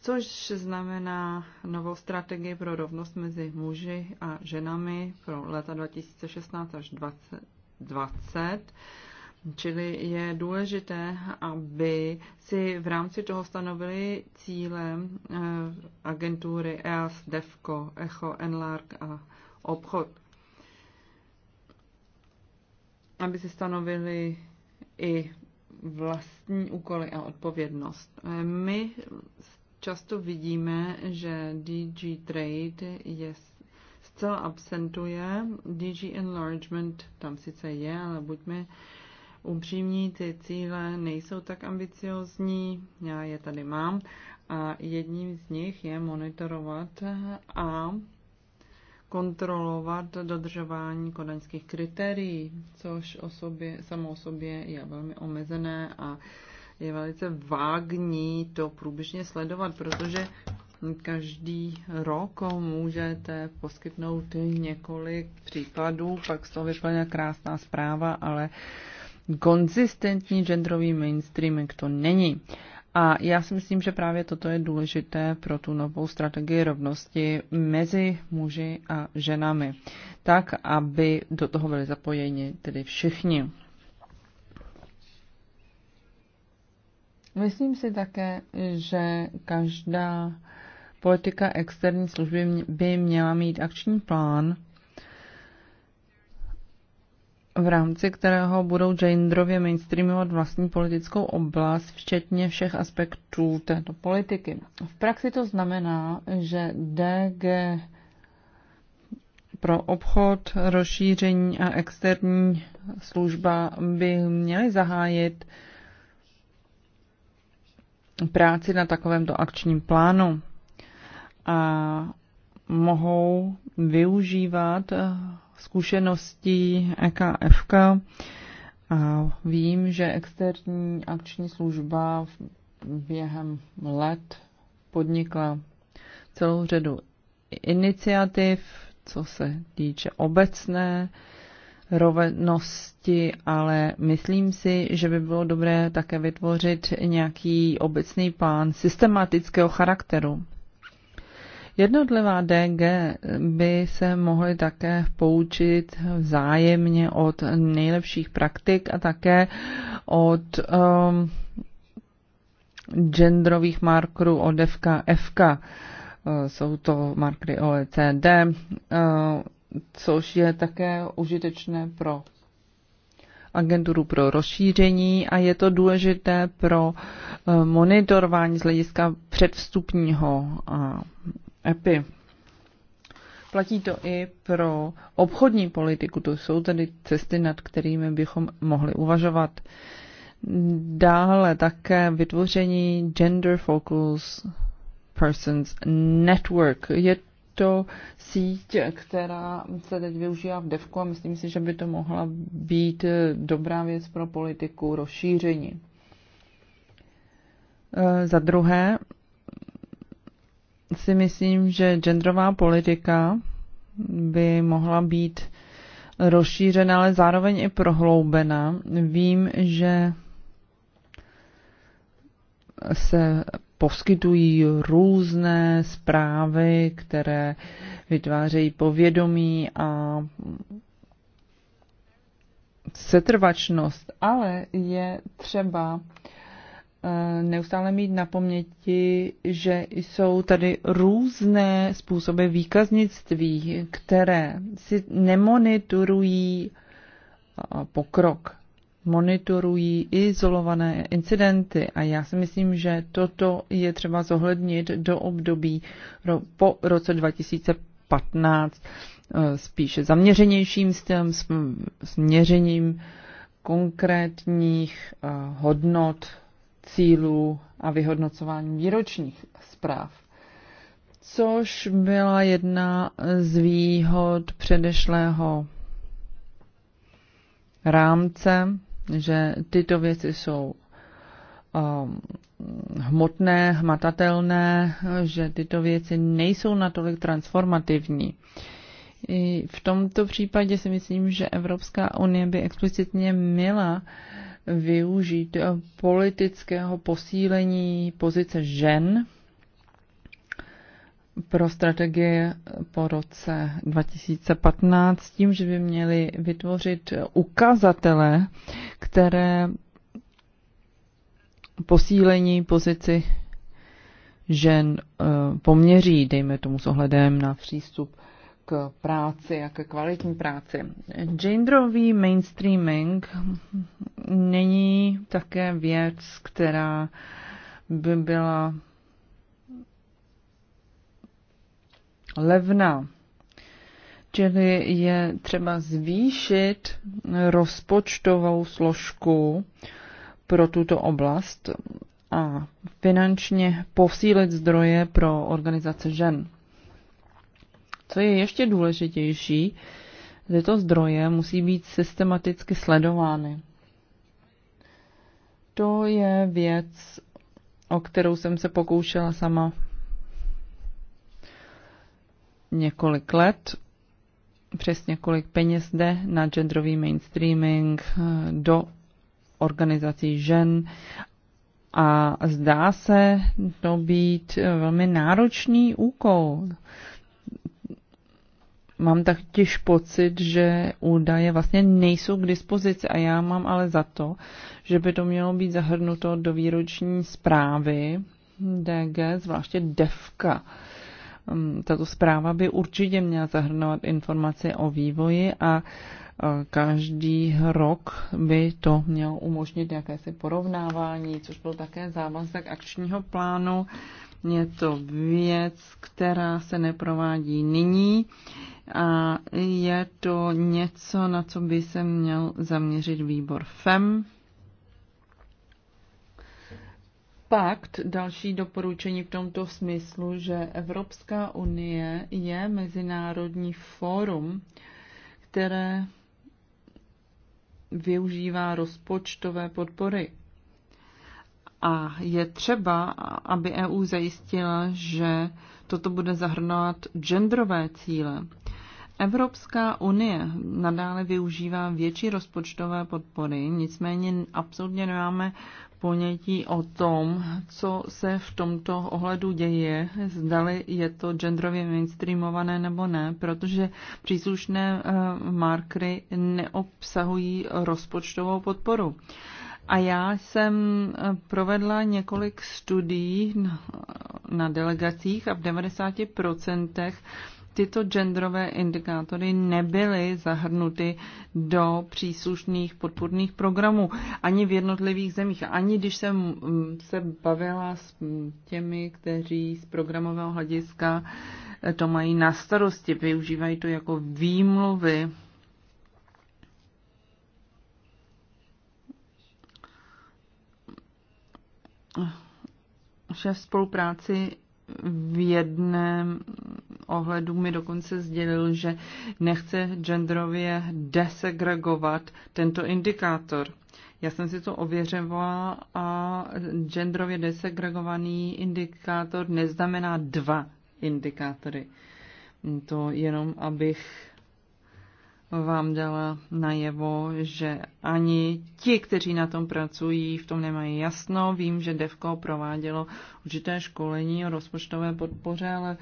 Což znamená novou strategii pro rovnost mezi muži a ženami pro leta 2016 až 2020 Čili je důležité, aby si v rámci toho stanovili cíle eh, agentury EAS, DEFCO, ECHO, ENLARC a obchod. Aby si stanovili i vlastní úkoly a odpovědnost. Eh, my často vidíme, že DG Trade je zcela absentuje, DG Enlargement tam sice je, ale buďme upřímní, ty cíle nejsou tak ambiciozní, já je tady mám, a jedním z nich je monitorovat a kontrolovat dodržování kodaňských kritérií, což o sobě, samo o sobě je velmi omezené a je velice vágní to průběžně sledovat, protože každý rok můžete poskytnout několik případů, pak z toho vyšla krásná zpráva, ale uh, konzistentní genderový mainstreaming to není. A já si myslím, že právě toto je důležité pro tu novou strategii rovnosti mezi muži a ženami, tak aby do toho byli zapojeni tedy všichni. Myslím si také, že každá politika externí služby by měla mít akční plán, v rámci kterého budou genderově mainstreamovat vlastní politickou oblast, včetně všech aspektů této politiky. V praxi to znamená, že DG pro obchod, rozšíření a externí služba by měly zahájit práci na takovémto akčním plánu a mohou využívat zkušeností EKFK a vím, že externí akční služba během let podnikla celou řadu iniciativ, co se týče obecné rovnosti, ale myslím si, že by bylo dobré také vytvořit nějaký obecný plán systematického charakteru. Jednotlivá DG by se mohly také poučit vzájemně od nejlepších praktik a také od um, genderových markerů od FK. FK. Eh, jsou to markery OECD, eh, což je také užitečné pro agenturu pro rozšíření a je to důležité pro eh, monitorování z hlediska předvstupního a EPI. Platí to i pro obchodní politiku. To jsou tedy cesty, nad kterými bychom mohli uvažovat. Dále také vytvoření Gender Focus Persons Network. Je to síť, která se teď využívá v DEVku a myslím si, že by to mohla být dobrá věc pro politiku rozšíření. E, za druhé, si myslím, že genderová politika by mohla být rozšířena, ale zároveň i prohloubena. Vím, že se poskytují různé zprávy, které vytvářejí povědomí a setrvačnost, ale je třeba Eh, neustále mít na paměti, že jsou tady různé způsoby výkaznictví, které si nemonitorují eh, pokrok, monitorují izolované incidenty a já si myslím, že toto je třeba zohlednit do období po roce 2015 eh, spíše zaměřenějším stylem, směřením konkrétních hodnot cílů a vyhodnocování výročních zpráv. Což byla jedna z výhod předešlého rámce, že tyto věci jsou um, hmotné, hmatatelné, že tyto věci nejsou natolik transformativní. I v tomto případě si myslím, že Evropská unie by explicitně měla uh, využít eh, politického posílení pozice žen pro strategie po roce 2015 tím, že by měli vytvořit ukazatele, které posílení pozici žen eh, poměří, dejme tomu s ohledem na přístup k práci a ke kvalitní práci. Genderový mainstreaming není také věc, která by byla levná. Čili je třeba zvýšit rozpočtovou složku pro tuto oblast a finančně posílit zdroje pro organizace žen. Co je ještě důležitější, tyto zdroje musí být systematicky sledovány. To je věc, o kterou jsem se pokoušela sama několik let. Přes několik peněz jde na genderový mainstreaming do organizací žen a zdá se to být velmi náročný úkol. Mám taktiž pocit, že údaje vlastně nejsou k dispozici a já mám ale za to, že by to mělo být zahrnuto do výroční zprávy DG, zvláště DEFKA. Mm, tato zpráva by určitě měla zahrnovat informace o vývoji a e, každý rok by to mělo umožnit jakési porovnávání, což byl také závazek akčního plánu je to věc, která se neprovádí nyní a je to něco, na co by se měl zaměřit výbor FEM. Pakt, další doporučení v tomto smyslu, že Evropská unie je mezinárodní fórum, které využívá rozpočtové podpory a je třeba, aby EU zajistila, že toto bude zahrnovat genderové cíle. Evropská unie nadále využívá větší rozpočtové podpory, nicméně absolutně nemáme ponětí o tom, co se v tomto ohledu děje, zdali je to genderově mainstreamované nebo ne, protože příslušné eh, markry neobsahují rozpočtovou podporu. A já jsem eh, provedla několik studií na delegacích a v 90% tyto genderové indikátory nebyly zahrnuty do příslušných podpůrných programů ani v jednotlivých zemích. Ani když jsem mm, se bavila s mm, těmi, kteří z programového hlediska eh, to mají na starosti, využívají to jako výmluvy šéf spolupráci v jednom ohledu mi dokonce sdělil, že nechce genderově desegregovat tento indikátor. Já jsem si to ověřovala a genderově desegregovaný indikátor neznamená dva indikátory. To jenom, abych vám dala najevo, že ani ti, kteří na tom pracují, v tom nemají jasno. Vím, že DEVKO provádělo určité školení o rozpočtové podpoře, ale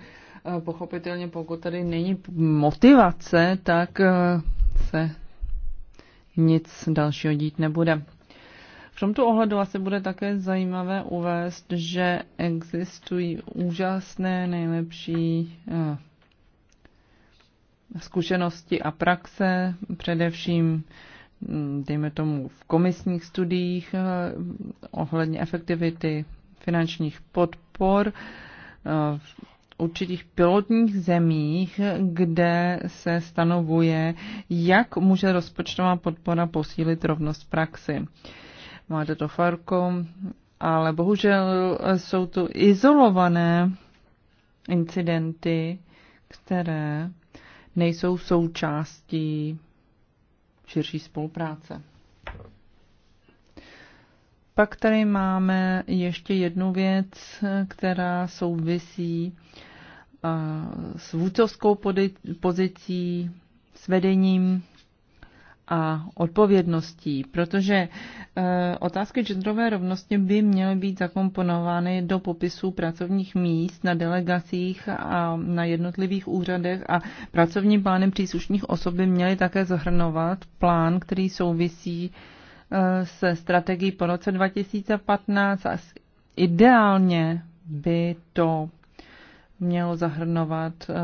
eh, pochopitelně pokud tady není motivace, tak eh, se nic dalšího dít nebude. V tomto ohledu asi bude také zajímavé uvést, že existují úžasné nejlepší eh, zkušenosti a praxe, především mm, dejme tomu v komisních studiích eh, ohledně efektivity finančních podpor eh, v určitých pilotních zemích, kde se stanovuje, jak může rozpočtová podpora posílit rovnost praxi. Máte to farko, ale bohužel jsou to izolované incidenty, které nejsou součástí širší spolupráce. Pak tady máme ještě jednu věc, která souvisí eh, s vůcovskou pozicí, s vedením a odpovědností, protože eh, otázky genderové rovnosti by měly být zakomponovány do popisů pracovních míst na delegacích a na jednotlivých úřadech a pracovní plány příslušných osob by měly také zahrnovat plán, který souvisí eh, se strategií po roce 2015 a ideálně by to mělo zahrnovat eh,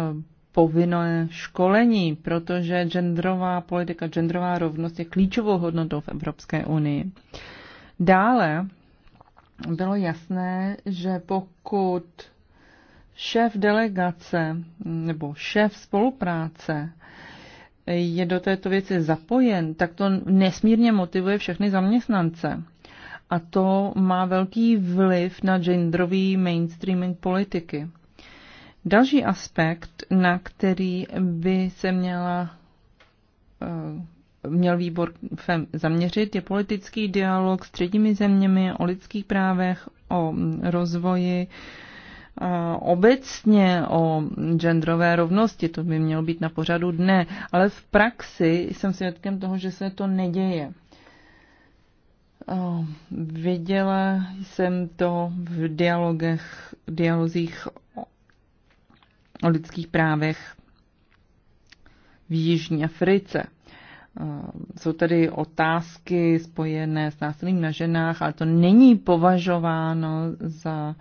povinné školení, protože genderová politika, genderová rovnost je klíčovou hodnotou v Evropské unii. Dále bylo jasné, že pokud šéf delegace nebo šéf spolupráce je do této věci zapojen, tak to nesmírně motivuje všechny zaměstnance. A to má velký vliv na genderový mainstreaming politiky. Další aspekt, na který by se měla, eh, měl výbor FEM zaměřit, je politický dialog s třetími zeměmi o lidských právech, o rozvoji, obecně o genderové rovnosti, to by mělo být na pořadu dne, ale v praxi jsem svědkem toho, že se to neděje. Viděla jsem to v dialogech, dialozích o lidských právech v Jižní Africe. Eh, jsou tady otázky spojené s násilím na ženách, ale to není považováno za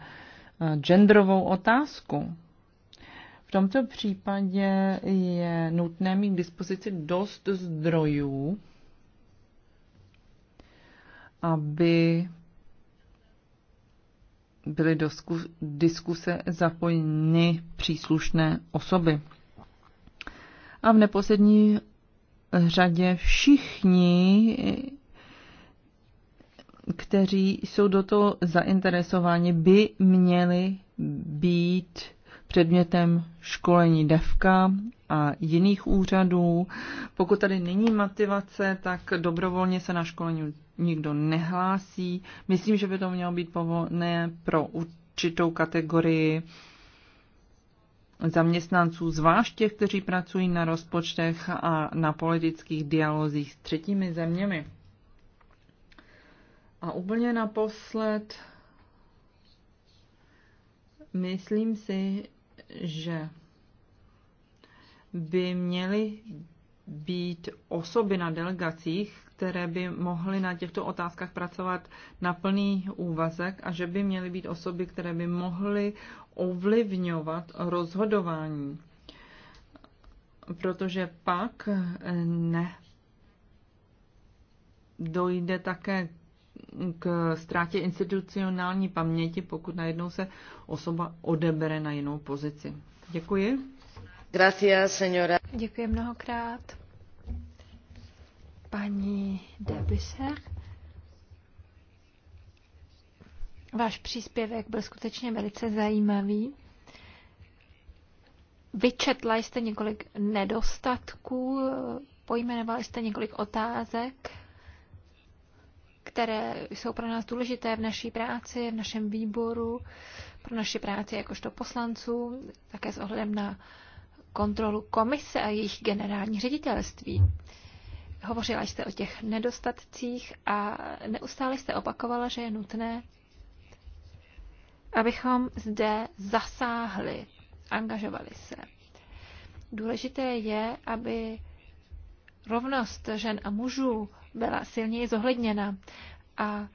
eh, genderovou otázku. V tomto případě je nutné mít k dispozici dost zdrojů, aby byly do diskuse zapojeny příslušné osoby. A v neposlední řadě všichni, kteří jsou do toho zainteresováni, by měli být předmětem školení DEVKA a jiných úřadů. Pokud tady není motivace, tak dobrovolně se na školení nikdo nehlásí. Myslím, že by to mělo být povolné pro určitou kategorii zaměstnanců, zvlášť těch, kteří pracují na rozpočtech a na politických dialozích s třetími zeměmi. A úplně naposled, myslím si, že by měly být osoby na delegacích, které by mohly na těchto otázkách pracovat na plný úvazek a že by měly být osoby, které by mohly ovlivňovat rozhodování. Protože pak eh, ne dojde také k ztrátě institucionální paměti, pokud najednou se osoba odebere na jinou pozici. Děkuji. Gracias, señora. Děkuji mnohokrát. Paní Debiser, váš příspěvek byl skutečně velice zajímavý. Vyčetla jste několik nedostatků, pojmenovala jste několik otázek, které jsou pro nás důležité v naší práci, v našem výboru, pro naši práci jakožto poslanců, také s ohledem na kontrolu komise a jejich generální ředitelství. Hovořila jste o těch nedostatcích a neustále jste opakovala, že je nutné, abychom zde zasáhli, angažovali se. Důležité je, aby rovnost žen a mužů byla silněji zohledněna. A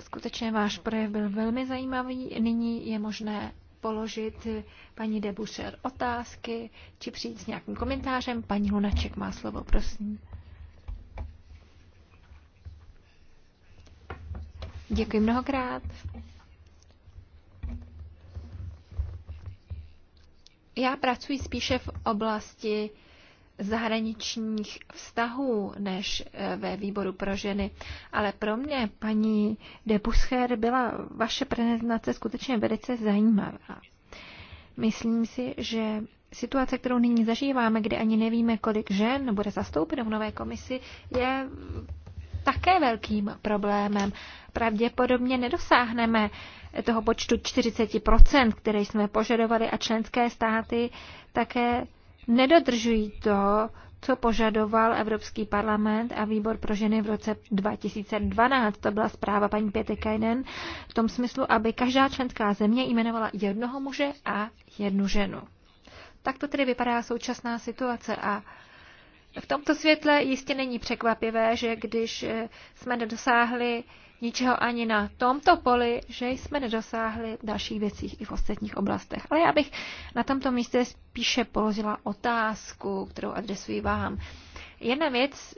skutečně váš projev byl velmi zajímavý. Nyní je možné položit paní Debušer otázky či přijít s nějakým komentářem. Paní Lunaček má slovo, prosím. Děkuji mnohokrát. Já pracuji spíše v oblasti zahraničních vztahů než eh, ve výboru pro ženy. Ale pro mě, paní Debuscher, byla vaše prezentace skutečně velice zajímavá. Myslím si, že situace, kterou nyní zažíváme, kde ani nevíme, kolik žen bude zastoupeno v nové komisi, je také velkým problémem. Pravděpodobně nedosáhneme toho počtu 40%, které jsme požadovali a členské státy také nedodržují to, co požadoval Evropský parlament a výbor pro ženy v roce 2012. To byla zpráva paní Pětekajnen v tom smyslu, aby každá členská země jmenovala jednoho muže a jednu ženu. Tak to tedy vypadá současná situace a v tomto světle jistě není překvapivé, že když eh, jsme nedosáhli ničeho ani na tomto poli, že jsme nedosáhli dalších věcí i v ostatních oblastech. Ale já bych na tomto místě spíše položila otázku, kterou adresuji vám. Jedna věc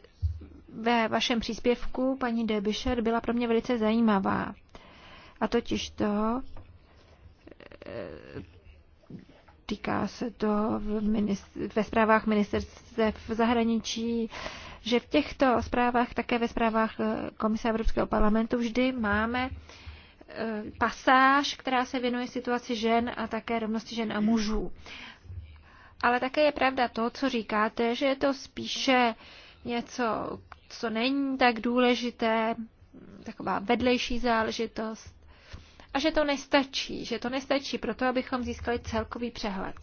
ve vašem příspěvku, paní Debyšer, byla pro mě velice zajímavá. A totiž to, eh, týká se to v ministr- ve zprávách v zahraničí, že v těchto zprávách, také ve zprávách eh, Komise Evropského parlamentu vždy máme eh, pasáž, která se věnuje situaci žen a také rovnosti žen a mužů. Ale také je pravda to, co říkáte, že je to spíše něco, co není tak důležité, taková vedlejší záležitost, a že to nestačí, že to nestačí proto, abychom získali celkový přehled.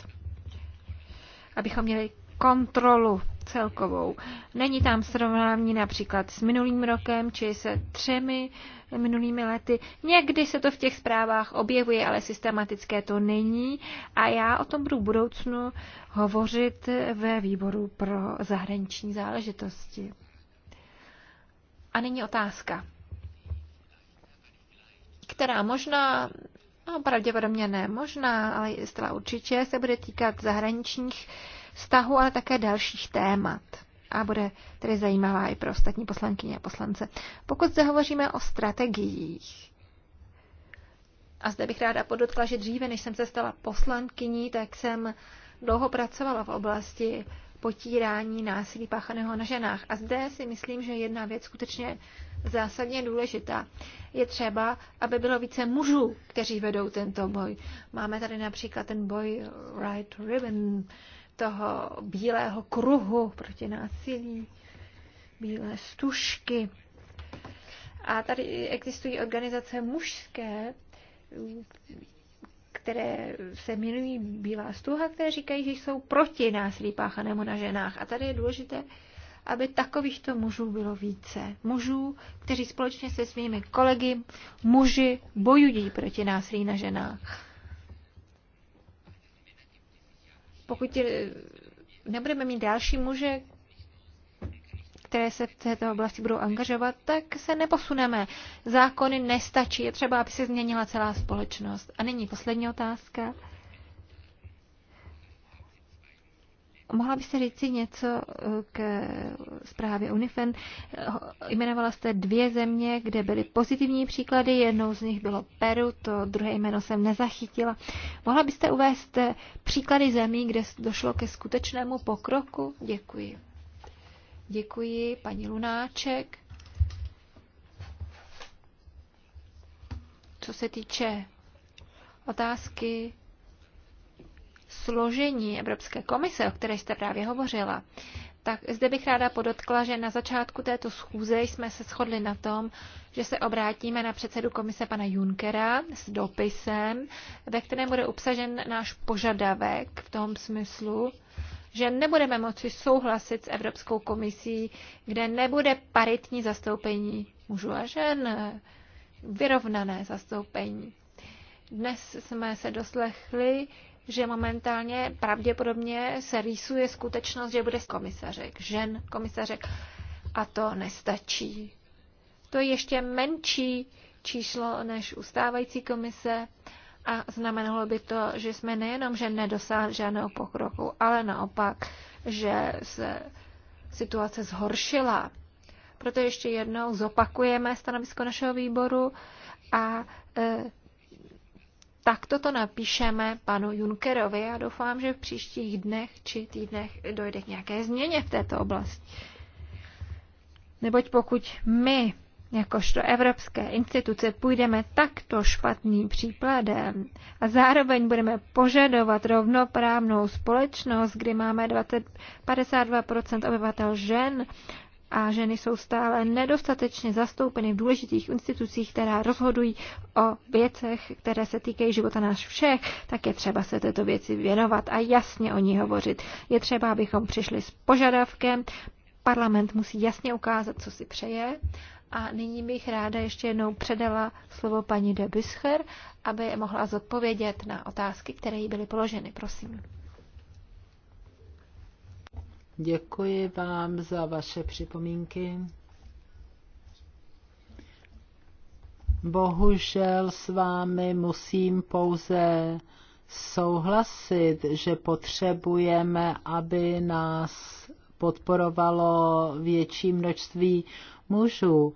Abychom měli kontrolu celkovou. Není tam srovnání například s minulým rokem či se třemi minulými lety. Někdy se to v těch zprávách objevuje, ale systematické to není a já o tom budu v budoucnu hovořit ve výboru pro zahraniční záležitosti. A nyní otázka která možná, no pravděpodobně ne možná, ale zcela určitě se bude týkat zahraničních vztahů, ale také dalších témat. A bude tedy zajímavá i pro ostatní poslankyně a poslance. Pokud hovoříme o strategiích, a zde bych ráda podotkla, že dříve, než jsem se stala poslankyní, tak jsem dlouho pracovala v oblasti potírání násilí páchaného na ženách. A zde si myslím, že jedna věc skutečně zásadně důležitá. Je třeba, aby bylo více mužů, kteří vedou tento boj. Máme tady například ten boj Right Ribbon, toho bílého kruhu proti násilí, bílé stužky. A tady existují organizace mužské, které se milují bílá stuha, které říkají, že jsou proti násilí páchanému na ženách. A tady je důležité, aby takovýchto mužů bylo více. Mužů, kteří společně se svými kolegy, muži, bojují proti násilí na ženách. Pokud nebudeme mít další muže, které se v této oblasti budou angažovat, tak se neposuneme. Zákony nestačí, je třeba, aby se změnila celá společnost. A nyní poslední otázka. Mohla byste říct něco eh, k eh, zprávě UNIFEN? Jmenovala jste dvě země, kde byly pozitivní příklady. Jednou z nich bylo Peru, to druhé jméno jsem nezachytila. Mohla byste uvést eh, příklady zemí, kde došlo ke skutečnému pokroku? Děkuji. Děkuji, paní Lunáček. Co se týče otázky složení Evropské komise, o které jste právě hovořila, tak zde bych ráda podotkla, že na začátku této schůze jsme se shodli na tom, že se obrátíme na předsedu komise pana Junkera s dopisem, ve kterém bude obsažen náš požadavek v tom smyslu, že nebudeme moci souhlasit s Evropskou komisí, kde nebude paritní zastoupení mužů a žen, vyrovnané zastoupení. Dnes jsme se doslechli, že momentálně pravděpodobně se rýsuje skutečnost, že bude komisařek, žen komisařek. A to nestačí. To je ještě menší číslo než ustávající komise a znamenalo by to, že jsme nejenom, že nedosáhli žádného pokroku, ale naopak, že se situace zhoršila. Proto ještě jednou zopakujeme stanovisko našeho výboru a e, tak toto napíšeme panu Junkerovi a doufám, že v příštích dnech či týdnech dojde k nějaké změně v této oblasti. Neboť pokud my jakožto evropské instituce půjdeme takto špatným příkladem a zároveň budeme požadovat rovnoprávnou společnost, kdy máme 20, 52% obyvatel žen a ženy jsou stále nedostatečně zastoupeny v důležitých institucích, která rozhodují o věcech, které se týkají života náš všech, tak je třeba se této věci věnovat a jasně o ní hovořit. Je třeba, abychom přišli s požadavkem, parlament musí jasně ukázat, co si přeje a nyní bych ráda ještě jednou předala slovo paní de Bischer, aby mohla zodpovědět na otázky, které jí byly položeny. Prosím. Děkuji vám za vaše připomínky. Bohužel s vámi musím pouze souhlasit, že potřebujeme, aby nás podporovalo větší množství mužů.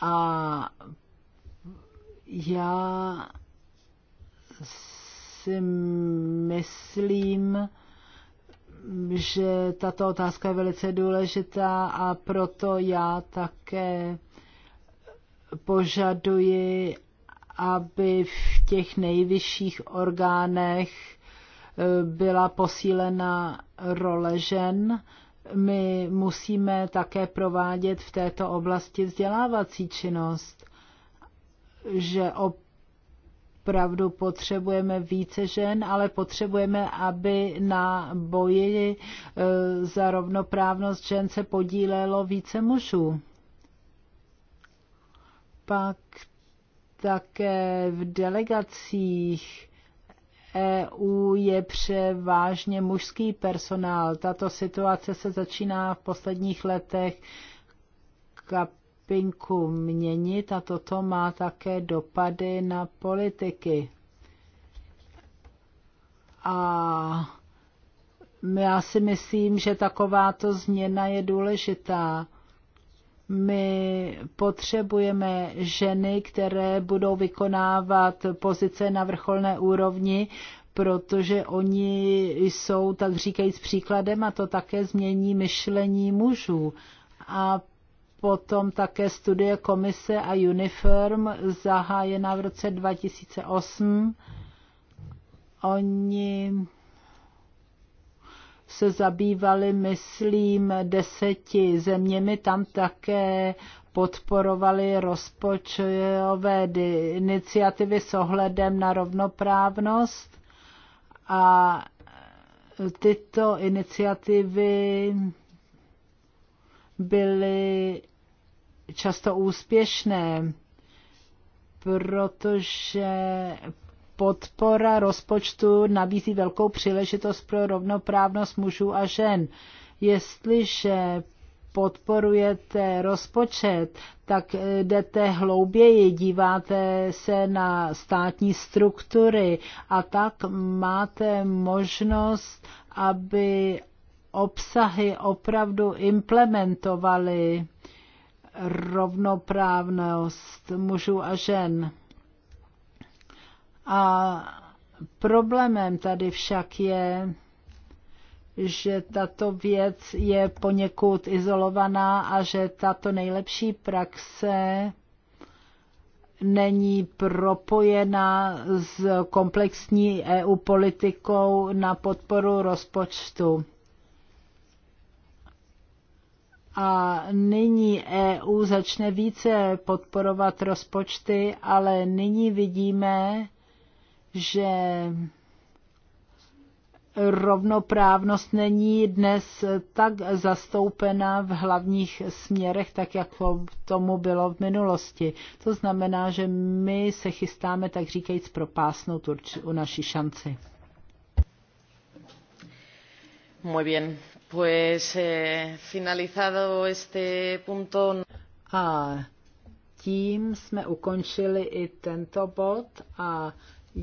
A já si myslím, že tato otázka je velice důležitá a proto já také požaduji, aby v těch nejvyšších orgánech eh, byla posílena role žen my musíme také provádět v této oblasti vzdělávací činnost, že opravdu potřebujeme více žen, ale potřebujeme, aby na boji e, za rovnoprávnost žen se podílelo více mužů. Pak také v delegacích EU je převážně mužský personál. Tato situace se začíná v posledních letech kapinku měnit a toto má také dopady na politiky. A já si myslím, že takováto změna je důležitá my potřebujeme ženy, které budou vykonávat pozice na vrcholné úrovni, protože oni jsou, tak říkajíc, příkladem a to také změní myšlení mužů. A potom také studie komise a Uniform zahájená v roce 2008. Oni se zabývali, myslím, deseti zeměmi. Tam také podporovali rozpočtové iniciativy s ohledem na rovnoprávnost a tyto iniciativy byly často úspěšné, protože podpora rozpočtu nabízí velkou příležitost pro rovnoprávnost mužů a žen. Jestliže podporujete rozpočet, tak eh, jdete hlouběji, díváte se na státní struktury a tak máte možnost, aby obsahy opravdu implementovaly rovnoprávnost mužů a žen. A problémem tady však je, že tato věc je poněkud izolovaná a že tato nejlepší praxe není propojena s komplexní EU politikou na podporu rozpočtu. A nyní EU začne více podporovat rozpočty, ale nyní vidíme, že rovnoprávnost není dnes tak zastoupena v hlavních směrech, tak jak tomu bylo v minulosti. To znamená, že my se chystáme, tak říkajíc, propásnout u naší šanci. Muy bien, pues eh, finalizado este punto. A tím jsme ukončili i tento bod a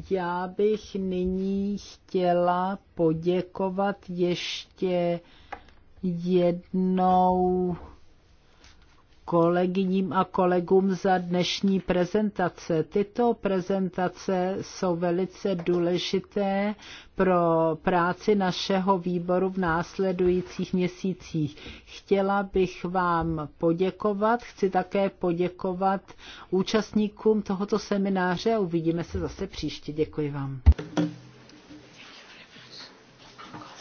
já bych nyní chtěla poděkovat ještě jednou kolegyním a kolegům za dnešní prezentace. Tyto prezentace jsou velice důležité pro práci našeho výboru v následujících měsících. Chtěla bych vám poděkovat, chci také poděkovat účastníkům tohoto semináře a uvidíme se zase příště. Děkuji vám.